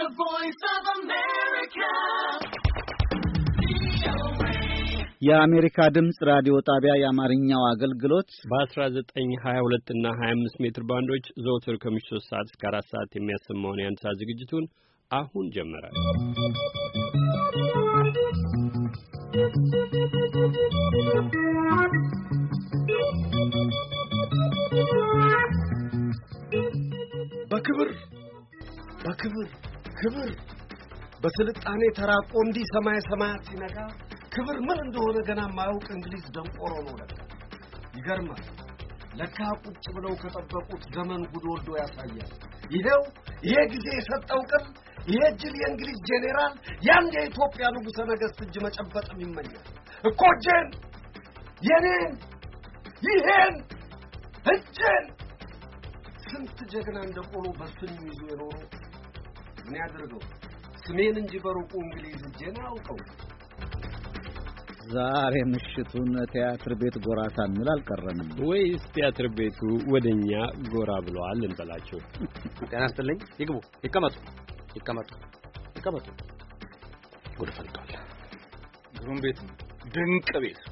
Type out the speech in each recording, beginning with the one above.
The Voice of America. የአሜሪካ ድምፅ ራዲዮ ጣቢያ የአማርኛው አገልግሎት በ1922 እና 25 ሜትር ባንዶች ዘወትር ከምሽቱ 3 ሰዓት እስከ 4 ሰዓት የሚያሰማውን የአንድ ሰዓት ዝግጅቱን አሁን ጀመረ። በክብር በክብር ክብር በስልጣኔ ተራቆ እንዲህ ሰማይ ሰማያት ሲነጋ ክብር ምን እንደሆነ ገና ማያውቅ እንግሊዝ ደንቆሮ ነው። ለካ ይገርማል። ለካ ቁጭ ብለው ከጠበቁት ዘመን ጉድ ወልዶ ያሳያል። ይሄው ይሄ ጊዜ የሰጠው ቅል ይሄ እጅል የእንግሊዝ ጄኔራል ያን የኢትዮጵያ ንጉሠ ነገሥት እጅ መጨበጥም ይመኛል እኮ እጄን፣ የኔን፣ ይሄን እጄን ስንት ጀግና እንደ ቆሎ በስኙ ይዞ የኖረው ምን ያደርገው? ስሜን እንጂ በሩቁ እንግሊዝ እጄን አያውቀው። ዛሬ ምሽቱን ቲያትር ቤት ጎራ ሳንል አልቀረንም። ወይስ ቲያትር ቤቱ ወደኛ ጎራ ብለዋል እንበላቸው። ጤና ይስጥልኝ። ይግቡ፣ ይቀመጡ፣ ይቀመጡ፣ ይቀመጡ። ጉድ ፈልቷል። ግሩም ቤት፣ ድንቅ ቤት፣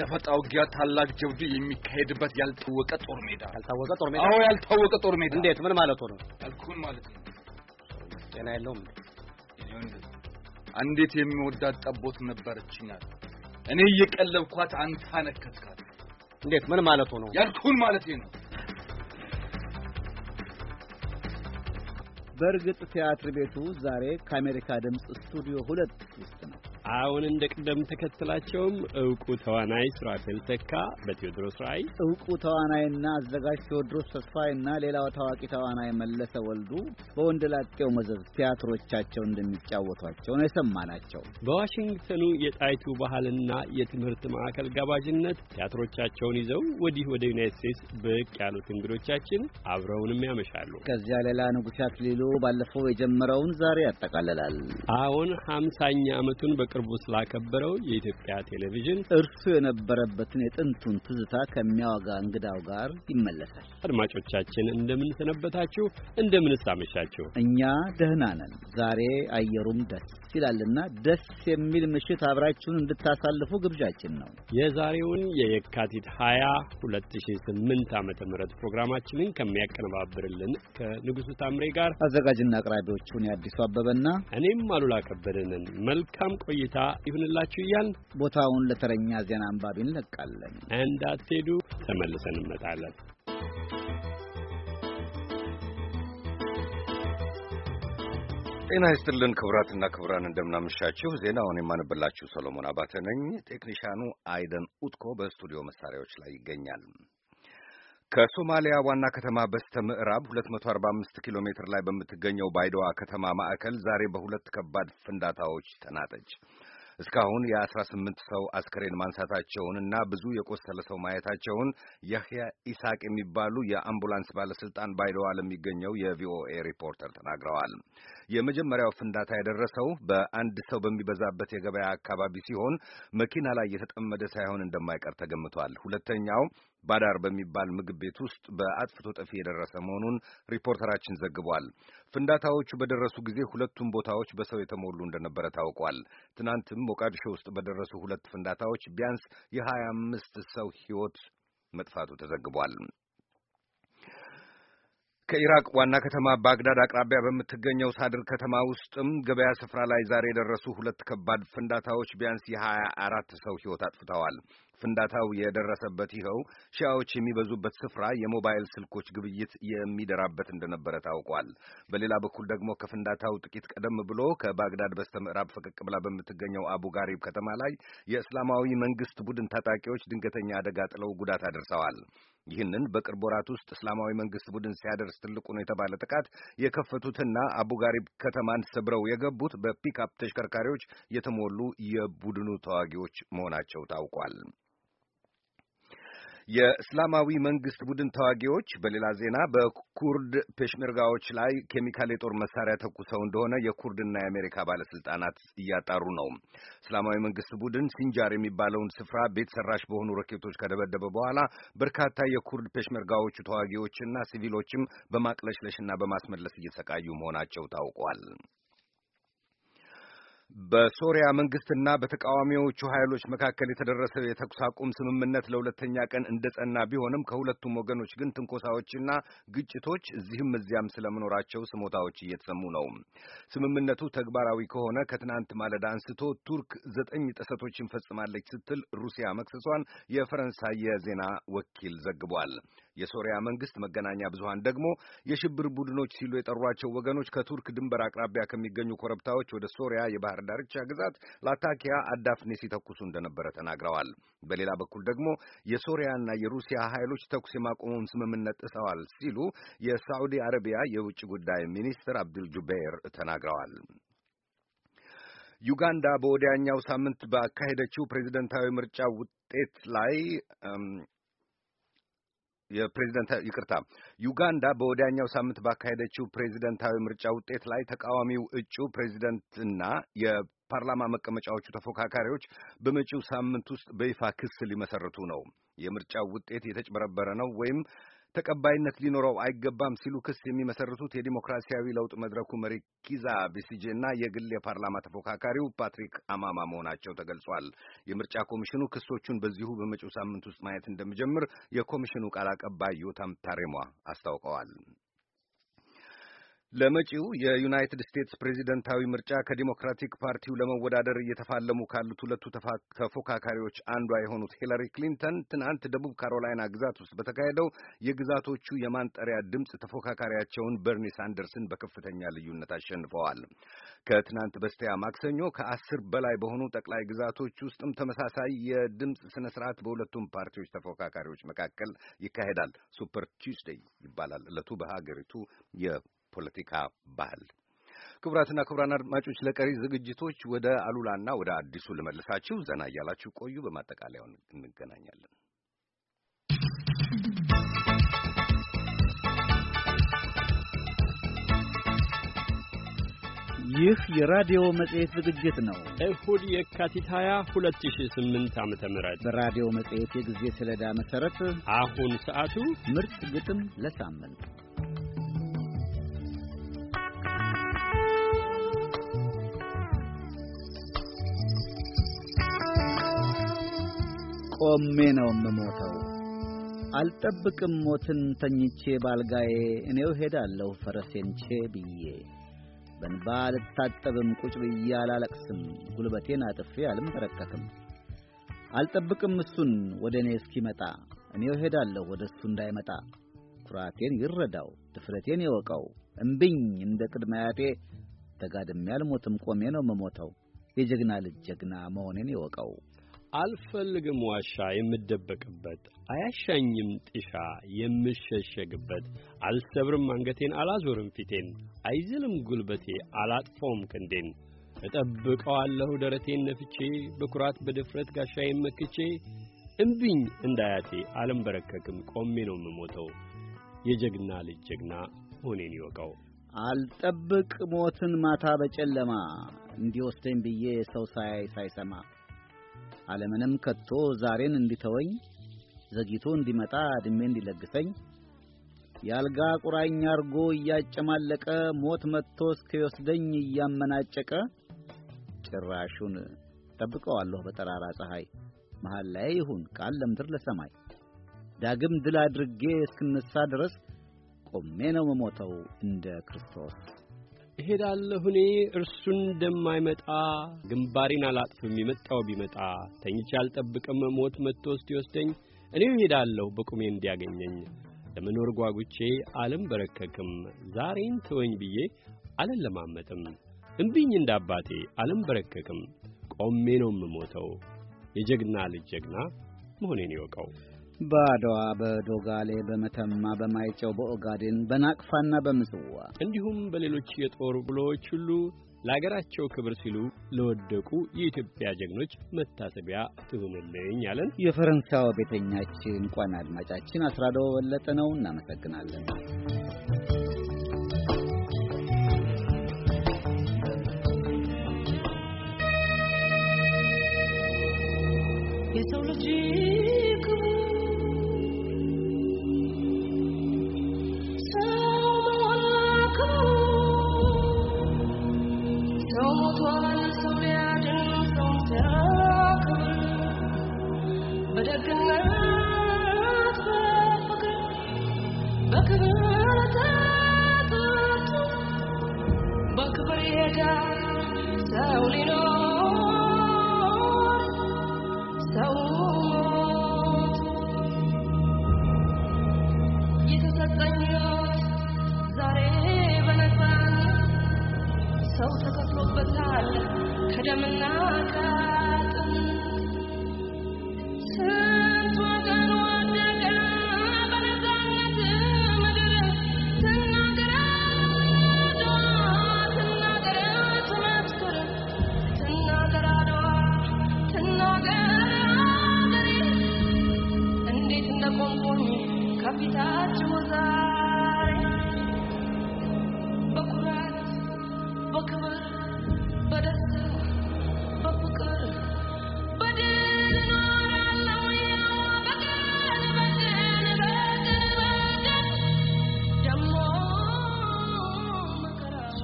ደፈጣ ውጊያ፣ ታላቅ ጀብዱ የሚካሄድበት ያልታወቀ ጦር ሜዳ። ያልታወቀ ጦር ሜዳ? አዎ፣ ያልታወቀ ጦር ሜዳ። እንዴት? ምን ማለት ነው? ያልኩህን ማለት ነው ጤና የለውም። አንዴት የሚወዳት ጠቦት ነበረችኛል። እኔ እየቀለብኳት አንተ አነከትካት። እንዴት? ምን ማለት ነው? ያልኩን ማለት ነው። በእርግጥ ቲያትር ቤቱ ዛሬ ከአሜሪካ ድምፅ ስቱዲዮ ሁለት ውስጥ ነው። አሁን እንደ ቅደም ተከተላቸውም እውቁ ተዋናይ ሱራፌል ተካ በቴዎድሮስ ራይ እውቁ ተዋናይና አዘጋጅ ቴዎድሮስ ተስፋይና ሌላው ታዋቂ ተዋናይ መለሰ ወልዱ በወንደላጤው መዘዝ ቲያትሮቻቸው እንደሚጫወቷቸው ነው የሰማናቸው። በዋሽንግተኑ የጣይቱ ባህልና የትምህርት ማዕከል ጋባዥነት ቲያትሮቻቸውን ይዘው ወዲህ ወደ ዩናይት ስቴትስ ብቅ ያሉት እንግዶቻችን አብረውንም ያመሻሉ። ከዚያ ሌላ ንጉሥ አክሊሉ ባለፈው የጀመረውን ዛሬ ያጠቃልላል። አሁን ሀምሳኛ ዓመቱን በቀ በቅርቡ ስላከበረው የኢትዮጵያ ቴሌቪዥን እርሱ የነበረበትን የጥንቱን ትዝታ ከሚያወጋ እንግዳው ጋር ይመለሳል። አድማጮቻችን እንደምን ሰነበታችሁ? እኛ ደህና ነን። ዛሬ አየሩም ደስ ይላልና ደስ የሚል ምሽት አብራችሁን እንድታሳልፉ ግብዣችን ነው። የዛሬውን የየካቲት 20 2008 ዓ ም ፕሮግራማችንን ከሚያቀነባብርልን ከንጉሱ ታምሬ ጋር አዘጋጅና አቅራቢዎቹን የአዲሱ አበበና እኔም አሉላ ከበደንን መልካም ቆይ ቆይታ ይሁንላችሁ እያል ቦታውን ለተረኛ ዜና አንባቢ እንለቃለን። እንዳትሄዱ፣ ተመልሰን እንመጣለን። ጤና ይስጥልን ክቡራትና ክቡራን፣ እንደምናመሻችሁ። ዜናውን የማንብላችሁ ሰሎሞን አባተ ነኝ። ቴክኒሻኑ አይደን ኡትኮ በስቱዲዮ መሳሪያዎች ላይ ይገኛል። ከሶማሊያ ዋና ከተማ በስተ ምዕራብ 245 ኪሎ ሜትር ላይ በምትገኘው ባይዶዋ ከተማ ማዕከል ዛሬ በሁለት ከባድ ፍንዳታዎች ተናጠች። እስካሁን የአስራ ስምንት ሰው አስከሬን ማንሳታቸውን እና ብዙ የቆሰለ ሰው ማየታቸውን ያህያ ኢሳቅ የሚባሉ የአምቡላንስ ባለስልጣን ባይለዋል የሚገኘው የቪኦኤ ሪፖርተር ተናግረዋል። የመጀመሪያው ፍንዳታ የደረሰው በአንድ ሰው በሚበዛበት የገበያ አካባቢ ሲሆን መኪና ላይ የተጠመደ ሳይሆን እንደማይቀር ተገምቷል። ሁለተኛው ባዳር በሚባል ምግብ ቤት ውስጥ በአጥፍቶ ጠፊ የደረሰ መሆኑን ሪፖርተራችን ዘግቧል። ፍንዳታዎቹ በደረሱ ጊዜ ሁለቱም ቦታዎች በሰው የተሞሉ እንደነበረ ታውቋል። ትናንትም ሞቃዲሾ ውስጥ በደረሱ ሁለት ፍንዳታዎች ቢያንስ የሀያ አምስት ሰው ሕይወት መጥፋቱ ተዘግቧል። ከኢራቅ ዋና ከተማ ባግዳድ አቅራቢያ በምትገኘው ሳድር ከተማ ውስጥም ገበያ ስፍራ ላይ ዛሬ የደረሱ ሁለት ከባድ ፍንዳታዎች ቢያንስ የሀያ አራት ሰው ሕይወት አጥፍተዋል። ፍንዳታው የደረሰበት ይኸው ሺያዎች የሚበዙበት ስፍራ የሞባይል ስልኮች ግብይት የሚደራበት እንደነበረ ታውቋል። በሌላ በኩል ደግሞ ከፍንዳታው ጥቂት ቀደም ብሎ ከባግዳድ በስተ ምዕራብ ፈቀቅ ብላ በምትገኘው አቡ ጋሪብ ከተማ ላይ የእስላማዊ መንግስት ቡድን ታጣቂዎች ድንገተኛ አደጋ ጥለው ጉዳት አድርሰዋል። ይህንን በቅርብ ወራት ውስጥ እስላማዊ መንግስት ቡድን ሲያደርስ ትልቁ ነው የተባለ ጥቃት የከፈቱትና አቡጋሪብ ከተማን ሰብረው የገቡት በፒክአፕ ተሽከርካሪዎች የተሞሉ የቡድኑ ተዋጊዎች መሆናቸው ታውቋል። የእስላማዊ መንግስት ቡድን ተዋጊዎች በሌላ ዜና በኩርድ ፔሽሜርጋዎች ላይ ኬሚካል የጦር መሳሪያ ተኩሰው እንደሆነ የኩርድና የአሜሪካ ባለስልጣናት እያጣሩ ነው። እስላማዊ መንግስት ቡድን ሲንጃር የሚባለውን ስፍራ ቤት ሰራሽ በሆኑ ሮኬቶች ከደበደበ በኋላ በርካታ የኩርድ ፔሽሜርጋዎቹ ተዋጊዎችና ሲቪሎችም በማቅለሽለሽና በማስመለስ እየሰቃዩ መሆናቸው ታውቋል። በሶሪያ መንግስትና በተቃዋሚዎቹ ኃይሎች መካከል የተደረሰው የተኩስ አቁም ስምምነት ለሁለተኛ ቀን እንደጸና ቢሆንም ከሁለቱም ወገኖች ግን ትንኮሳዎችና ግጭቶች እዚህም እዚያም ስለመኖራቸው ስሞታዎች እየተሰሙ ነው። ስምምነቱ ተግባራዊ ከሆነ ከትናንት ማለዳ አንስቶ ቱርክ ዘጠኝ ጥሰቶችን ፈጽማለች ስትል ሩሲያ መክሰሷን የፈረንሳይ የዜና ወኪል ዘግቧል። የሶሪያ መንግስት መገናኛ ብዙሃን ደግሞ የሽብር ቡድኖች ሲሉ የጠሯቸው ወገኖች ከቱርክ ድንበር አቅራቢያ ከሚገኙ ኮረብታዎች ወደ ሶሪያ የባህር ዳርቻ ግዛት ላታኪያ አዳፍኔ ሲተኩሱ እንደነበረ ተናግረዋል። በሌላ በኩል ደግሞ የሶሪያና የሩሲያ ኃይሎች ተኩስ የማቆሙን ስምምነት ጥሰዋል ሲሉ የሳዑዲ አረቢያ የውጭ ጉዳይ ሚኒስትር አብዱል ጁበይር ተናግረዋል። ዩጋንዳ በወዲያኛው ሳምንት ባካሄደችው ፕሬዚደንታዊ ምርጫ ውጤት ላይ የፕሬዚደንታ ይቅርታ ዩጋንዳ በወዲያኛው ሳምንት ባካሄደችው ፕሬዚደንታዊ ምርጫ ውጤት ላይ ተቃዋሚው እጩ ፕሬዚደንትና የፓርላማ መቀመጫዎቹ ተፎካካሪዎች በመጪው ሳምንት ውስጥ በይፋ ክስ ሊመሰርቱ ነው። የምርጫው ውጤት የተጭበረበረ ነው ወይም ተቀባይነት ሊኖረው አይገባም ሲሉ ክስ የሚመሰርቱት የዲሞክራሲያዊ ለውጥ መድረኩ መሪ ኪዛ ቤሲጄ እና የግል የፓርላማ ተፎካካሪው ፓትሪክ አማማ መሆናቸው ተገልጿል። የምርጫ ኮሚሽኑ ክሶቹን በዚሁ በመጪው ሳምንት ውስጥ ማየት እንደሚጀምር የኮሚሽኑ ቃል አቀባይ ዮታም ታሬሟ አስታውቀዋል። ለመጪው የዩናይትድ ስቴትስ ፕሬዚደንታዊ ምርጫ ከዲሞክራቲክ ፓርቲው ለመወዳደር እየተፋለሙ ካሉት ሁለቱ ተፎካካሪዎች አንዷ የሆኑት ሂላሪ ክሊንተን ትናንት ደቡብ ካሮላይና ግዛት ውስጥ በተካሄደው የግዛቶቹ የማንጠሪያ ድምፅ ተፎካካሪያቸውን በርኒ ሳንደርስን በከፍተኛ ልዩነት አሸንፈዋል። ከትናንት በስቲያ ማክሰኞ ከአስር በላይ በሆኑ ጠቅላይ ግዛቶች ውስጥም ተመሳሳይ የድምፅ ስነ ስርዓት በሁለቱም ፓርቲዎች ተፎካካሪዎች መካከል ይካሄዳል። ሱፐር ቱስዴይ ይባላል። እለቱ በሀገሪቱ የ የፖለቲካ ባህል። ክቡራትና ክቡራን አድማጮች ለቀሪ ዝግጅቶች ወደ አሉላና ወደ አዲሱ ልመልሳችሁ። ዘና እያላችሁ ቆዩ። በማጠቃለያውን እንገናኛለን። ይህ የራዲዮ መጽሔት ዝግጅት ነው። እሁድ የካቲት 20 2008 ዓ ም በራዲዮ መጽሔት የጊዜ ሰሌዳ መሠረት አሁን ሰዓቱ ምርጥ ግጥም ለሳምንት ቆሜ ነው የምሞተው። አልጠብቅም ሞትን ተኝቼ ባልጋዬ እኔው ሄዳለሁ ፈረሴን ቼ ብዬ በንባ አልታጠብም ቁጭ ብዬ አላለቅስም ጉልበቴን አጥፌ አልንበረከክም። አልጠብቅም እሱን ወደ እኔ እስኪመጣ እኔው ሄዳለሁ ወደ እሱ እንዳይመጣ። ኩራቴን ይረዳው ድፍረቴን ይወቀው እምብኝ እንደ ቅድመ አያቴ ተጋድሜ አልሞትም ቆሜ ነው የምሞተው የጀግና ልጅ ጀግና መሆኔን ይወቀው። አልፈልግም ዋሻ የምደበቅበት አያሻኝም ጥሻ የምሸሸግበት አልሰብርም አንገቴን አላዞርም ፊቴን አይዝልም ጉልበቴ አላጥፎም ክንዴን እጠብቀዋለሁ ደረቴን ነፍቼ በኩራት በድፍረት ጋሻዬን መክቼ እምቢኝ እንዳያቴ አልንበረከክም ቆሜ ነው የምሞተው የጀግና ልጅ ጀግና ሆኔን ይወቀው አልጠብቅ ሞትን ማታ በጨለማ እንዲወስደኝ ብዬ ሰው ሳያይ ሳይሰማ ዓለምንም ከቶ ዛሬን እንዲተወኝ ዘግይቶ እንዲመጣ ዕድሜ እንዲለግሰኝ ያልጋ ቁራኛ አርጎ እያጨማለቀ ሞት መጥቶ እስከወስደኝ እያመናጨቀ ጭራሹን ጠብቀዋለሁ በጠራራ ፀሐይ መሃል ላይ ይሁን ቃል ለምድር ለሰማይ ዳግም ድል አድርጌ እስክነሳ ድረስ ቆሜ ነው መሞተው እንደ ክርስቶስ። እሄዳለሁኔ እርሱን እንደማይመጣ ግንባሬን አላጥፍም የመጣው ቢመጣ ተኝቼ አልጠብቅም ሞት መጥቶ ይወስደኝ እኔው እሄዳለሁ በቁሜ እንዲያገኘኝ ለመኖር ጓጉቼ አለም በረከክም ዛሬን ተወኝ ብዬ አልለማመጥም እምቢኝ እንዳባቴ አለም በረከክም ቆሜ ነው የምሞተው የጀግና ልጅ ጀግና መሆኔን ይወቀው በአድዋ፣ በዶጋሌ፣ በመተማ፣ በማይጨው፣ በኦጋዴን፣ በናቅፋና በምጽዋ እንዲሁም በሌሎች የጦር ብሎዎች ሁሉ ለአገራቸው ክብር ሲሉ ለወደቁ የኢትዮጵያ ጀግኖች መታሰቢያ ትሁንልኝ አለን። የፈረንሳው ቤተኛችን እንኳን አድማጫችን አስራዶ በለጠ ነው። እናመሰግናለን።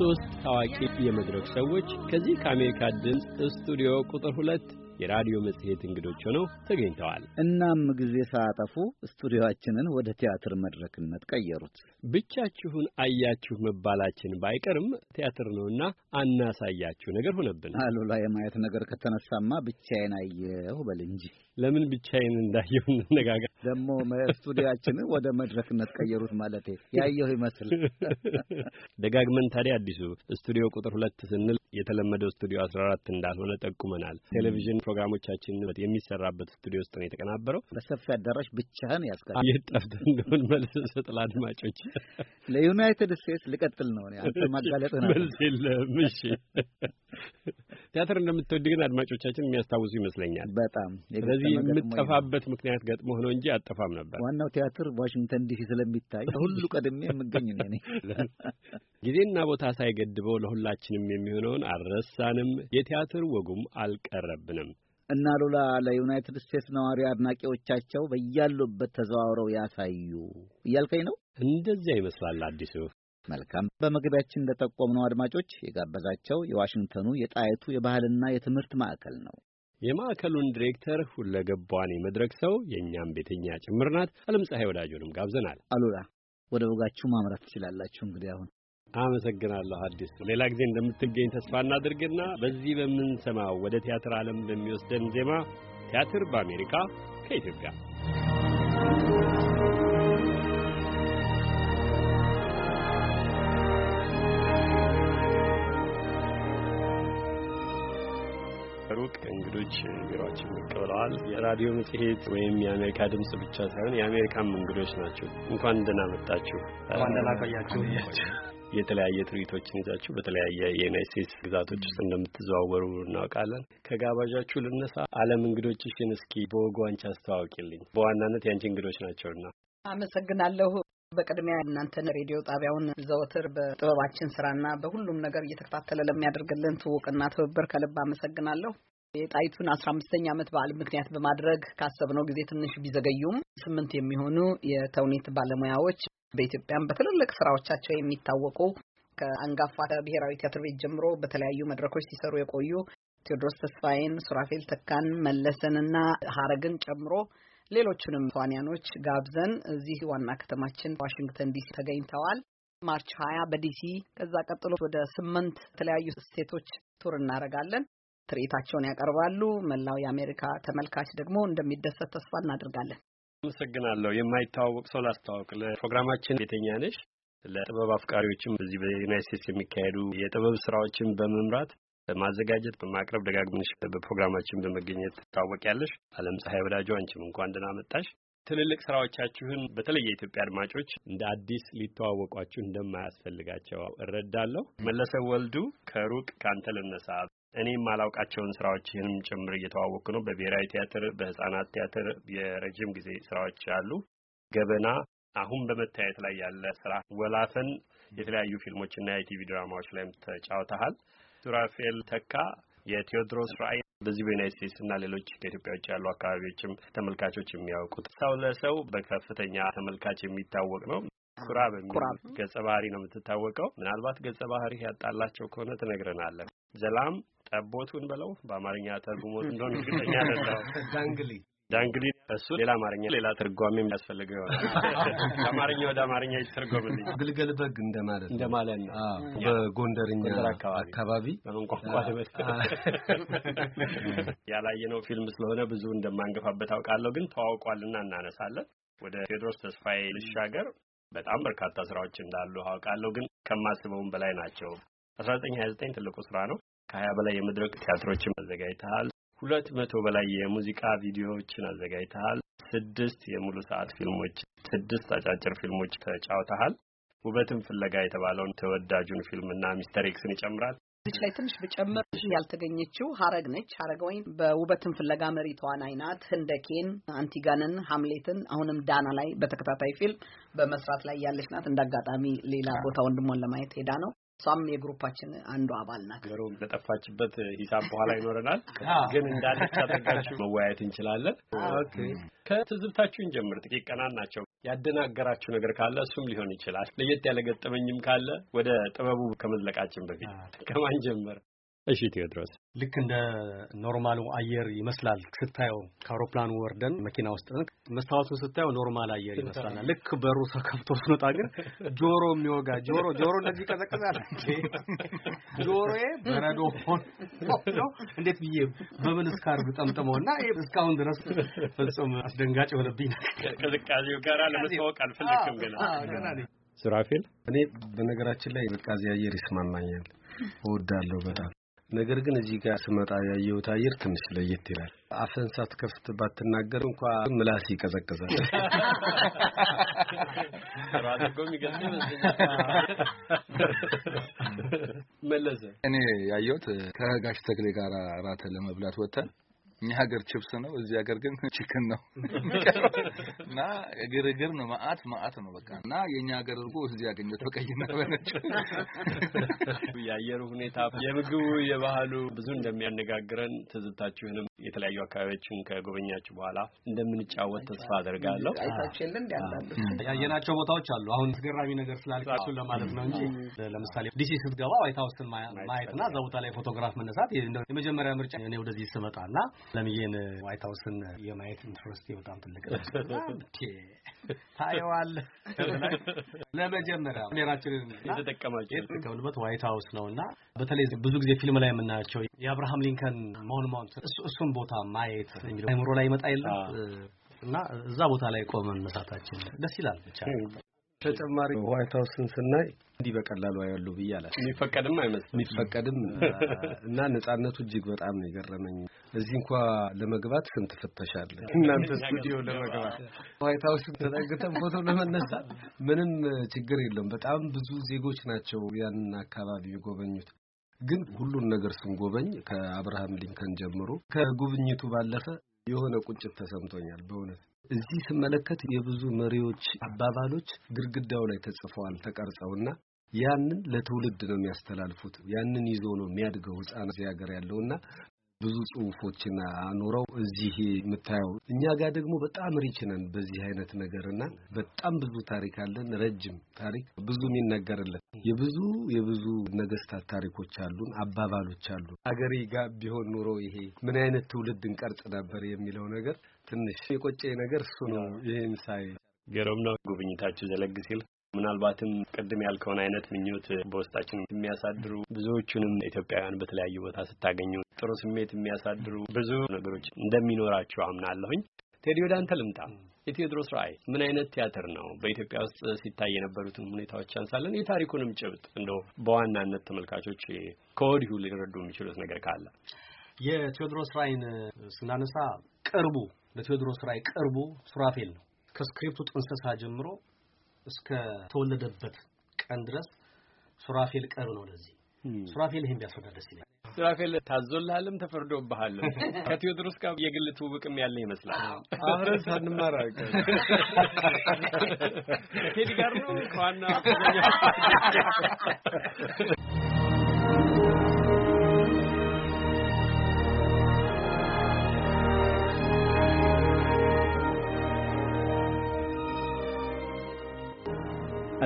ሶስት ታዋቂ የመድረክ ሰዎች ከዚህ ከአሜሪካ ድምፅ ስቱዲዮ ቁጥር ሁለት የራዲዮ መጽሔት እንግዶች ሆነው ተገኝተዋል። እናም ጊዜ ሳያጠፉ ስቱዲዮአችንን ወደ ቲያትር መድረክነት ቀየሩት። ብቻችሁን አያችሁ መባላችን ባይቀርም ቲያትር ነውና አናሳያችሁ ነገር ሆነብን። አሉላ የማየት ነገር ከተነሳማ ብቻዬን አየሁ በል እንጂ ለምን ብቻዬን እንዳየሁ እንነጋገር። ደግሞ ስቱዲያችንን ወደ መድረክነት ቀየሩት ማለት ያየሁ ይመስል ደጋግመን። ታዲያ አዲሱ ስቱዲዮ ቁጥር ሁለት ስንል የተለመደው ስቱዲዮ አስራ አራት እንዳልሆነ ጠቁመናል። ቴሌቪዥን ፕሮግራሞቻችን የሚሰራበት ስቱዲዮ ውስጥ ነው የተቀናበረው። በሰፊ አዳራሽ ብቻህን ያስቀራል። የት ጠፍተህ እንደሆን መልስ ስጥል ለዩናይትድ ስቴትስ ልቀጥል ነው አንተ ማጋለጥ ነው መልስ የለም። እሺ ቲያትር እንደምትወድ ግን አድማጮቻችን የሚያስታውሱ ይመስለኛል። በጣም ስለዚህ የምጠፋበት ምክንያት ገጥሞ ሆኖ እንጂ አጠፋም ነበር። ዋናው ቲያትር ዋሽንግተን ዲሲ ስለሚታይ ሁሉ ቀድሜ የምገኝ ነኝ። ጊዜና ቦታ ሳይገድበው ለሁላችንም የሚሆነውን አልረሳንም። የቲያትር ወጉም አልቀረብንም። እና ሉላ ለዩናይትድ ስቴትስ ነዋሪ አድናቂዎቻቸው በያሉበት ተዘዋውረው ያሳዩ እያልከኝ ነው? እንደዚያ ይመስላል አዲሱ። መልካም። በመግቢያችን እንደጠቆምነው አድማጮች የጋበዛቸው የዋሽንግተኑ የጣይቱ የባህልና የትምህርት ማዕከል ነው። የማዕከሉን ዲሬክተር ሁለገቧን የመድረክ ሰው የእኛም ቤተኛ ጭምር ናት ዓለም ፀሐይ ወዳጆንም ጋብዘናል። አሉላ ወደ ወጋችሁ ማምራት ትችላላችሁ። እንግዲህ አሁን አመሰግናለሁ አዲስ። ሌላ ጊዜ እንደምትገኝ ተስፋ እናድርግና በዚህ በምንሰማው ወደ ቲያትር ዓለም በሚወስደን ዜማ ቲያትር በአሜሪካ ከኢትዮጵያ ሩቅ እንግዶች ቢሮችን ይቀበለዋል። የራዲዮ መጽሔት ወይም የአሜሪካ ድምጽ ብቻ ሳይሆን የአሜሪካም እንግዶች ናቸው። እንኳን ደህና መጣችሁ። እንኳን ደህና ቆያችሁ። የተለያየ ትርኢቶችን ይዛችሁ በተለያየ የዩናይት ስቴትስ ግዛቶች ውስጥ እንደምትዘዋወሩ እናውቃለን። ከጋባዣችሁ ልነሳ። አለም እንግዶችሽን እስኪ በወጉ አንቺ አስተዋውቂልኝ። በዋናነት የአንቺ እንግዶች ናቸውና። አመሰግናለሁ። በቅድሚያ እናንተን ሬዲዮ ጣቢያውን ዘወትር በጥበባችን ስራና በሁሉም ነገር እየተከታተለ ለሚያደርግልን ትውቅና ትብብር ከልብ አመሰግናለሁ። የጣይቱን አስራ አምስተኛ ዓመት በዓል ምክንያት በማድረግ ካሰብነው ጊዜ ትንሽ ቢዘገዩም ስምንት የሚሆኑ የተውኔት ባለሙያዎች በኢትዮጵያም በትልልቅ ስራዎቻቸው የሚታወቁ ከአንጋፋ ብሔራዊ ቲያትር ቤት ጀምሮ በተለያዩ መድረኮች ሲሰሩ የቆዩ ቴዎድሮስ ተስፋዬን፣ ሱራፌል ተካን፣ መለሰንና ሀረግን ጨምሮ ሌሎቹንም ተዋንያኖች ጋብዘን እዚህ ዋና ከተማችን ዋሽንግተን ዲሲ ተገኝተዋል። ማርች ሀያ በዲሲ ከዛ ቀጥሎ ወደ ስምንት የተለያዩ ስቴቶች ቱር እናደርጋለን። ትርኢታቸውን ያቀርባሉ። መላው የአሜሪካ ተመልካች ደግሞ እንደሚደሰት ተስፋ እናደርጋለን። አመሰግናለሁ። የማይተዋወቅ ሰው ላስተዋወቅ። ለፕሮግራማችን ቤተኛ ነሽ። ለጥበብ አፍቃሪዎችም በዚህ በዩናይት ስቴትስ የሚካሄዱ የጥበብ ስራዎችን በመምራት በማዘጋጀት በማቅረብ ደጋግመሽ በፕሮግራማችን በመገኘት ትታወቂያለሽ። አለም ፀሐይ ወዳጆ አንቺም እንኳን ደህና መጣሽ። ትልልቅ ስራዎቻችሁን በተለይ የኢትዮጵያ አድማጮች እንደ አዲስ ሊተዋወቋችሁ እንደማያስፈልጋቸው እረዳለሁ። መለሰ ወልዱ ከሩቅ ከአንተ ልነሳ እኔም ማላውቃቸውን ስራዎች ይህንም ጭምር እየተዋወቅኩ ነው። በብሔራዊ ቲያትር፣ በህጻናት ቲያትር የረጅም ጊዜ ስራዎች አሉ። ገበና፣ አሁን በመታየት ላይ ያለ ስራ ወላፈን፣ የተለያዩ ፊልሞችና የቲቪ ድራማዎች ላይም ተጫውተሃል። ሱራፌል ተካ የቴዎድሮስ ራእይ በዚህ በዩናይት ስቴትስ እና ሌሎች ከኢትዮጵያ ውጭ ያሉ አካባቢዎችም ተመልካቾች የሚያውቁት ሰው ለሰው በከፍተኛ ተመልካች የሚታወቅ ነው። ኩራ በሚል ገጸ ባህሪ ነው የምትታወቀው። ምናልባት ገጸ ባህሪ ያጣላቸው ከሆነ ትነግረናለን። ዘላም ጠቦቱን በለው በአማርኛ ተርጉሞት እንደሆነ እርግጠኛ አይደለሁም። ዳንግሊ ዳንግሊ እሱ ሌላ አማርኛ ሌላ ትርጓሜ የሚያስፈልገው ይሆናል። ከአማርኛ ወደ አማርኛ ይተርጎምልኝ። ግልገል በግ እንደማለት እንደማለት ነው። በጎንደርኛ አካባቢ በመንቋቋ ያላየነው ፊልም ስለሆነ ብዙ እንደማንገፋበት አውቃለሁ፣ ግን ተዋውቋልና እናነሳለን። ወደ ቴዎድሮስ ተስፋዬ ልሻገር። በጣም በርካታ ስራዎች እንዳሉ አውቃለሁ፣ ግን ከማስበውም በላይ ናቸው። 1929 ትልቁ ስራ ነው። ከሀያ በላይ የመድረክ ቲያትሮችን አዘጋጅተሃል። ሁለት መቶ በላይ የሙዚቃ ቪዲዮዎችን አዘጋጅተሃል። ስድስት የሙሉ ሰዓት ፊልሞች፣ ስድስት አጫጭር ፊልሞች ተጫውተሃል። ውበትን ፍለጋ የተባለውን ተወዳጁን ፊልምና ሚስተር ኤክስን ይጨምራል። እዚች ላይ ትንሽ ብጨምር ያልተገኘችው ሀረግ ነች። ሀረግ ወይም በውበትን ፍለጋ መሪ ተዋናይ ናት። ህንደኬን፣ አንቲጋንን፣ ሀምሌትን አሁንም ዳና ላይ በተከታታይ ፊልም በመስራት ላይ ያለች ናት። እንደ አጋጣሚ ሌላ ቦታ ወንድሟን ለማየት ሄዳ ነው። እሷም የግሩፓችን አንዱ አባል ናት። ግሩም ከጠፋችበት ሂሳብ በኋላ ይኖረናል፣ ግን እንዳለች አጠጋችሁ መወያየት እንችላለን። ኦኬ ከትዝብታችሁ እንጀምር። ጥቂት ቀናት ናቸው። ያደናገራችሁ ነገር ካለ እሱም ሊሆን ይችላል። ለየት ያለ ገጠመኝም ካለ ወደ ጥበቡ ከመዝለቃችን በፊት ከማን ጀመር? እሺ ቴዎድሮስ፣ ልክ እንደ ኖርማሉ አየር ይመስላል ስታየው። ከአውሮፕላኑ ወርደን መኪና ውስጥ መስታወቱ ስታየው ኖርማል አየር ይመስላል። ልክ በሩ ከፍቶ ስንወጣ ግን ጆሮ የሚወጋ ጆሮ ጆሮ እንደዚህ ይቀዘቅዛል። ጆሮዬ በረዶ ሆኖ እንዴት ብዬ በምን እስካር ብጠምጥመው እና እስካሁን ድረስ ፍጹም አስደንጋጭ የሆነብኝ ቅዝቃዜው ጋራ ለመታወቅ አልፈለግም። ገና ሱራፌል፣ እኔ በነገራችን ላይ ቅዝቃዜ አየር ይስማማኛል፣ እወዳለሁ በጣም ነገር ግን እዚህ ጋር ስመጣ ያየሁት አየር ትንሽ ለየት ይላል። አፍህን ሳትከፍት ባትናገር እንኳ ምላስ ይቀዘቅዛል። መለሰ እኔ ያየሁት ከጋሽ ተክሌ ጋር እራት ለመብላት ወጥተን እኛ ሀገር ችፕስ ነው፣ እዚህ ሀገር ግን ቺክን ነው እና ግርግር ነው። ማአት ማአት ነው በቃ እና የእኛ ሀገር እርጎ እዚህ ያገኘሁት በቀይና በነጭ የአየሩ ሁኔታ፣ የምግቡ፣ የባህሉ ብዙ እንደሚያነጋግረን ትዝታችሁንም የተለያዩ አካባቢዎችን ከጎበኛችሁ በኋላ እንደምንጫወት ተስፋ አደርጋለሁ። ያየናቸው ቦታዎች አሉ። አሁን አስገራሚ ነገር ስላልቃሱን ለማለት ነው እንጂ ለምሳሌ ዲሲ ስትገባ ዋይት ሀውስን ማየትና እዛ ቦታ ላይ ፎቶግራፍ መነሳት የመጀመሪያ ምርጫ እኔ ወደዚህ ስመጣና ለምዬን ዋይት ሀውስን የማየት ኢንትረስት በጣም ትልቅ ታየዋል። ለመጀመሪያ ኔራችንን ዋይት ሀውስ ነው እና በተለይ ብዙ ጊዜ ፊልም ላይ የምናያቸው የአብርሃም ሊንከን ሞንማንት እሱን ቦታ ማየት የሚለው አይምሮ ላይ ይመጣ የለም እና እዛ ቦታ ላይ ቆመን መሳታችን ደስ ይላል ብቻ ተጨማሪ ዋይት ሀውስን ስናይ እንዲህ በቀላሉ ያሉ ብዬ አላ የሚፈቀድም አይመስልም የሚፈቀድም እና ነጻነቱ እጅግ በጣም ነው የገረመኝ። እዚህ እንኳ ለመግባት ስም ትፈተሻለህ። እናንተ ስቱዲዮ ለመግባት ዋይት ሀውስ ተጠግተን ፎቶ ለመነሳት ምንም ችግር የለውም። በጣም ብዙ ዜጎች ናቸው ያንን አካባቢ የጎበኙት። ግን ሁሉን ነገር ስንጎበኝ ከአብርሃም ሊንከን ጀምሮ ከጉብኝቱ ባለፈ የሆነ ቁጭት ተሰምቶኛል በእውነት እዚህ ስመለከት የብዙ መሪዎች አባባሎች ግድግዳው ላይ ተጽፈዋል ተቀርጸውና ያንን ለትውልድ ነው የሚያስተላልፉት። ያንን ይዞ ነው የሚያድገው ሕፃን እዚህ ሀገር ያለውና ብዙ ጽሁፎችን አኑረው እዚህ የምታየው። እኛ ጋር ደግሞ በጣም ሪች ነን በዚህ አይነት ነገርና በጣም ብዙ ታሪክ አለን። ረጅም ታሪክ ብዙ የሚነገርለት የብዙ የብዙ ነገስታት ታሪኮች አሉን፣ አባባሎች አሉ። አገሬ ጋር ቢሆን ኑሮ ይሄ ምን አይነት ትውልድ እንቀርጽ ነበር የሚለው ነገር ትንሽ የቆጨኝ ነገር እሱ ነው። ይሄን ሳይ ገሮም ነው ጉብኝታችሁ ዘለግ ሲል ምናልባትም ቅድም ያልከውን አይነት ምኞት በውስጣችን የሚያሳድሩ ብዙዎቹንም ኢትዮጵያውያን በተለያዩ ቦታ ስታገኙ ጥሩ ስሜት የሚያሳድሩ ብዙ ነገሮች እንደሚኖራቸው አምናለሁኝ። ቴዲ ወደ አንተ ልምጣ። የቴዎድሮስ ራእይ ምን አይነት ቲያትር ነው? በኢትዮጵያ ውስጥ ሲታይ የነበሩትን ሁኔታዎች አንሳለን፣ የታሪኩንም ጭብጥ እንደ በዋናነት ተመልካቾች ከወዲሁ ሊረዱ የሚችሉት ነገር ካለ የቴዎድሮስ ራዕይን ስናነሳ ቅርቡ ለቴዎድሮስ ራዕይ ቅርቡ ሱራፌል ነው። ከስክሪፕቱ ጥንሰሳ ጀምሮ እስከ ተወለደበት ቀን ድረስ ሱራፌል ቅርብ ነው ለዚህ። ሱራፌል ይሄን ቢያስረዳ ደስ ይላል። ሱራፌል ታዞልሃልም ተፈርዶብሃልም። ከቴዎድሮስ ጋር የግል ትውውቅም ያለ ይመስላል። አብረን ሳንማር ከቴዲ ጋር ነው ከዋና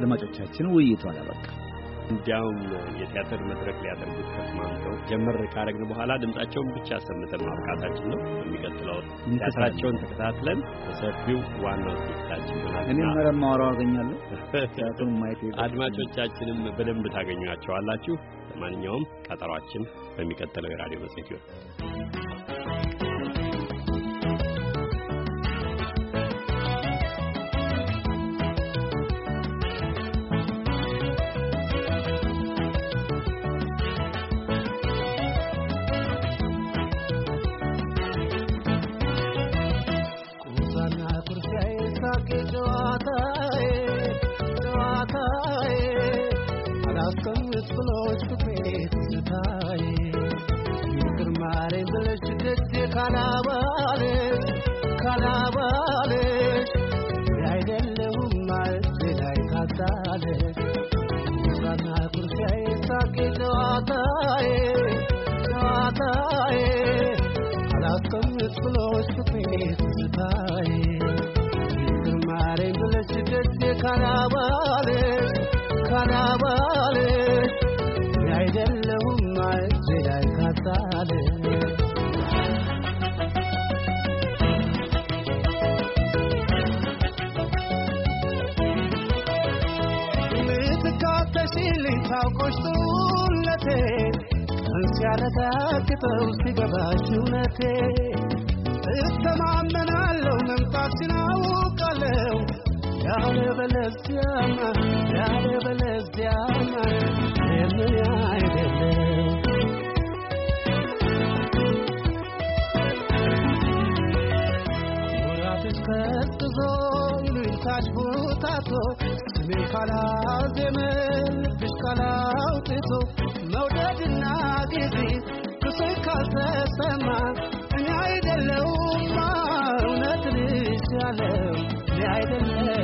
አድማጮቻችን ውይይቱ አላበቃ እንዲያውም የቲያትር መድረክ ሊያደርጉት ተስማምተው ጀመር ካረግን በኋላ ድምጻቸውን ብቻ ሰምተን ማብቃታችን ነው። የሚቀጥለው ቲያትራቸውን ተከታትለን በሰፊው ዋናው ዝግጅታችን ይሆናል። እኔ መረብ ማወራው አገኛለሁ። ቲያትሩ ማየት አድማጮቻችንም በደንብ ታገኟቸዋላችሁ። ለማንኛውም ቀጠሯችን በሚቀጥለው የራዲዮ መጽሔት ይሆናል። جواتا እውነቴ ምን ሲገባሽ እውነቴ እተማመናለሁ መምጣትሽን አውቃለሁ ያለ በለዚያማ ያለ በለዚያማ የምን አይደለም ወራትሽ ቀጥዞ ስሜ ካላዜመ ልብሽ ካላውጥቶ Thank you.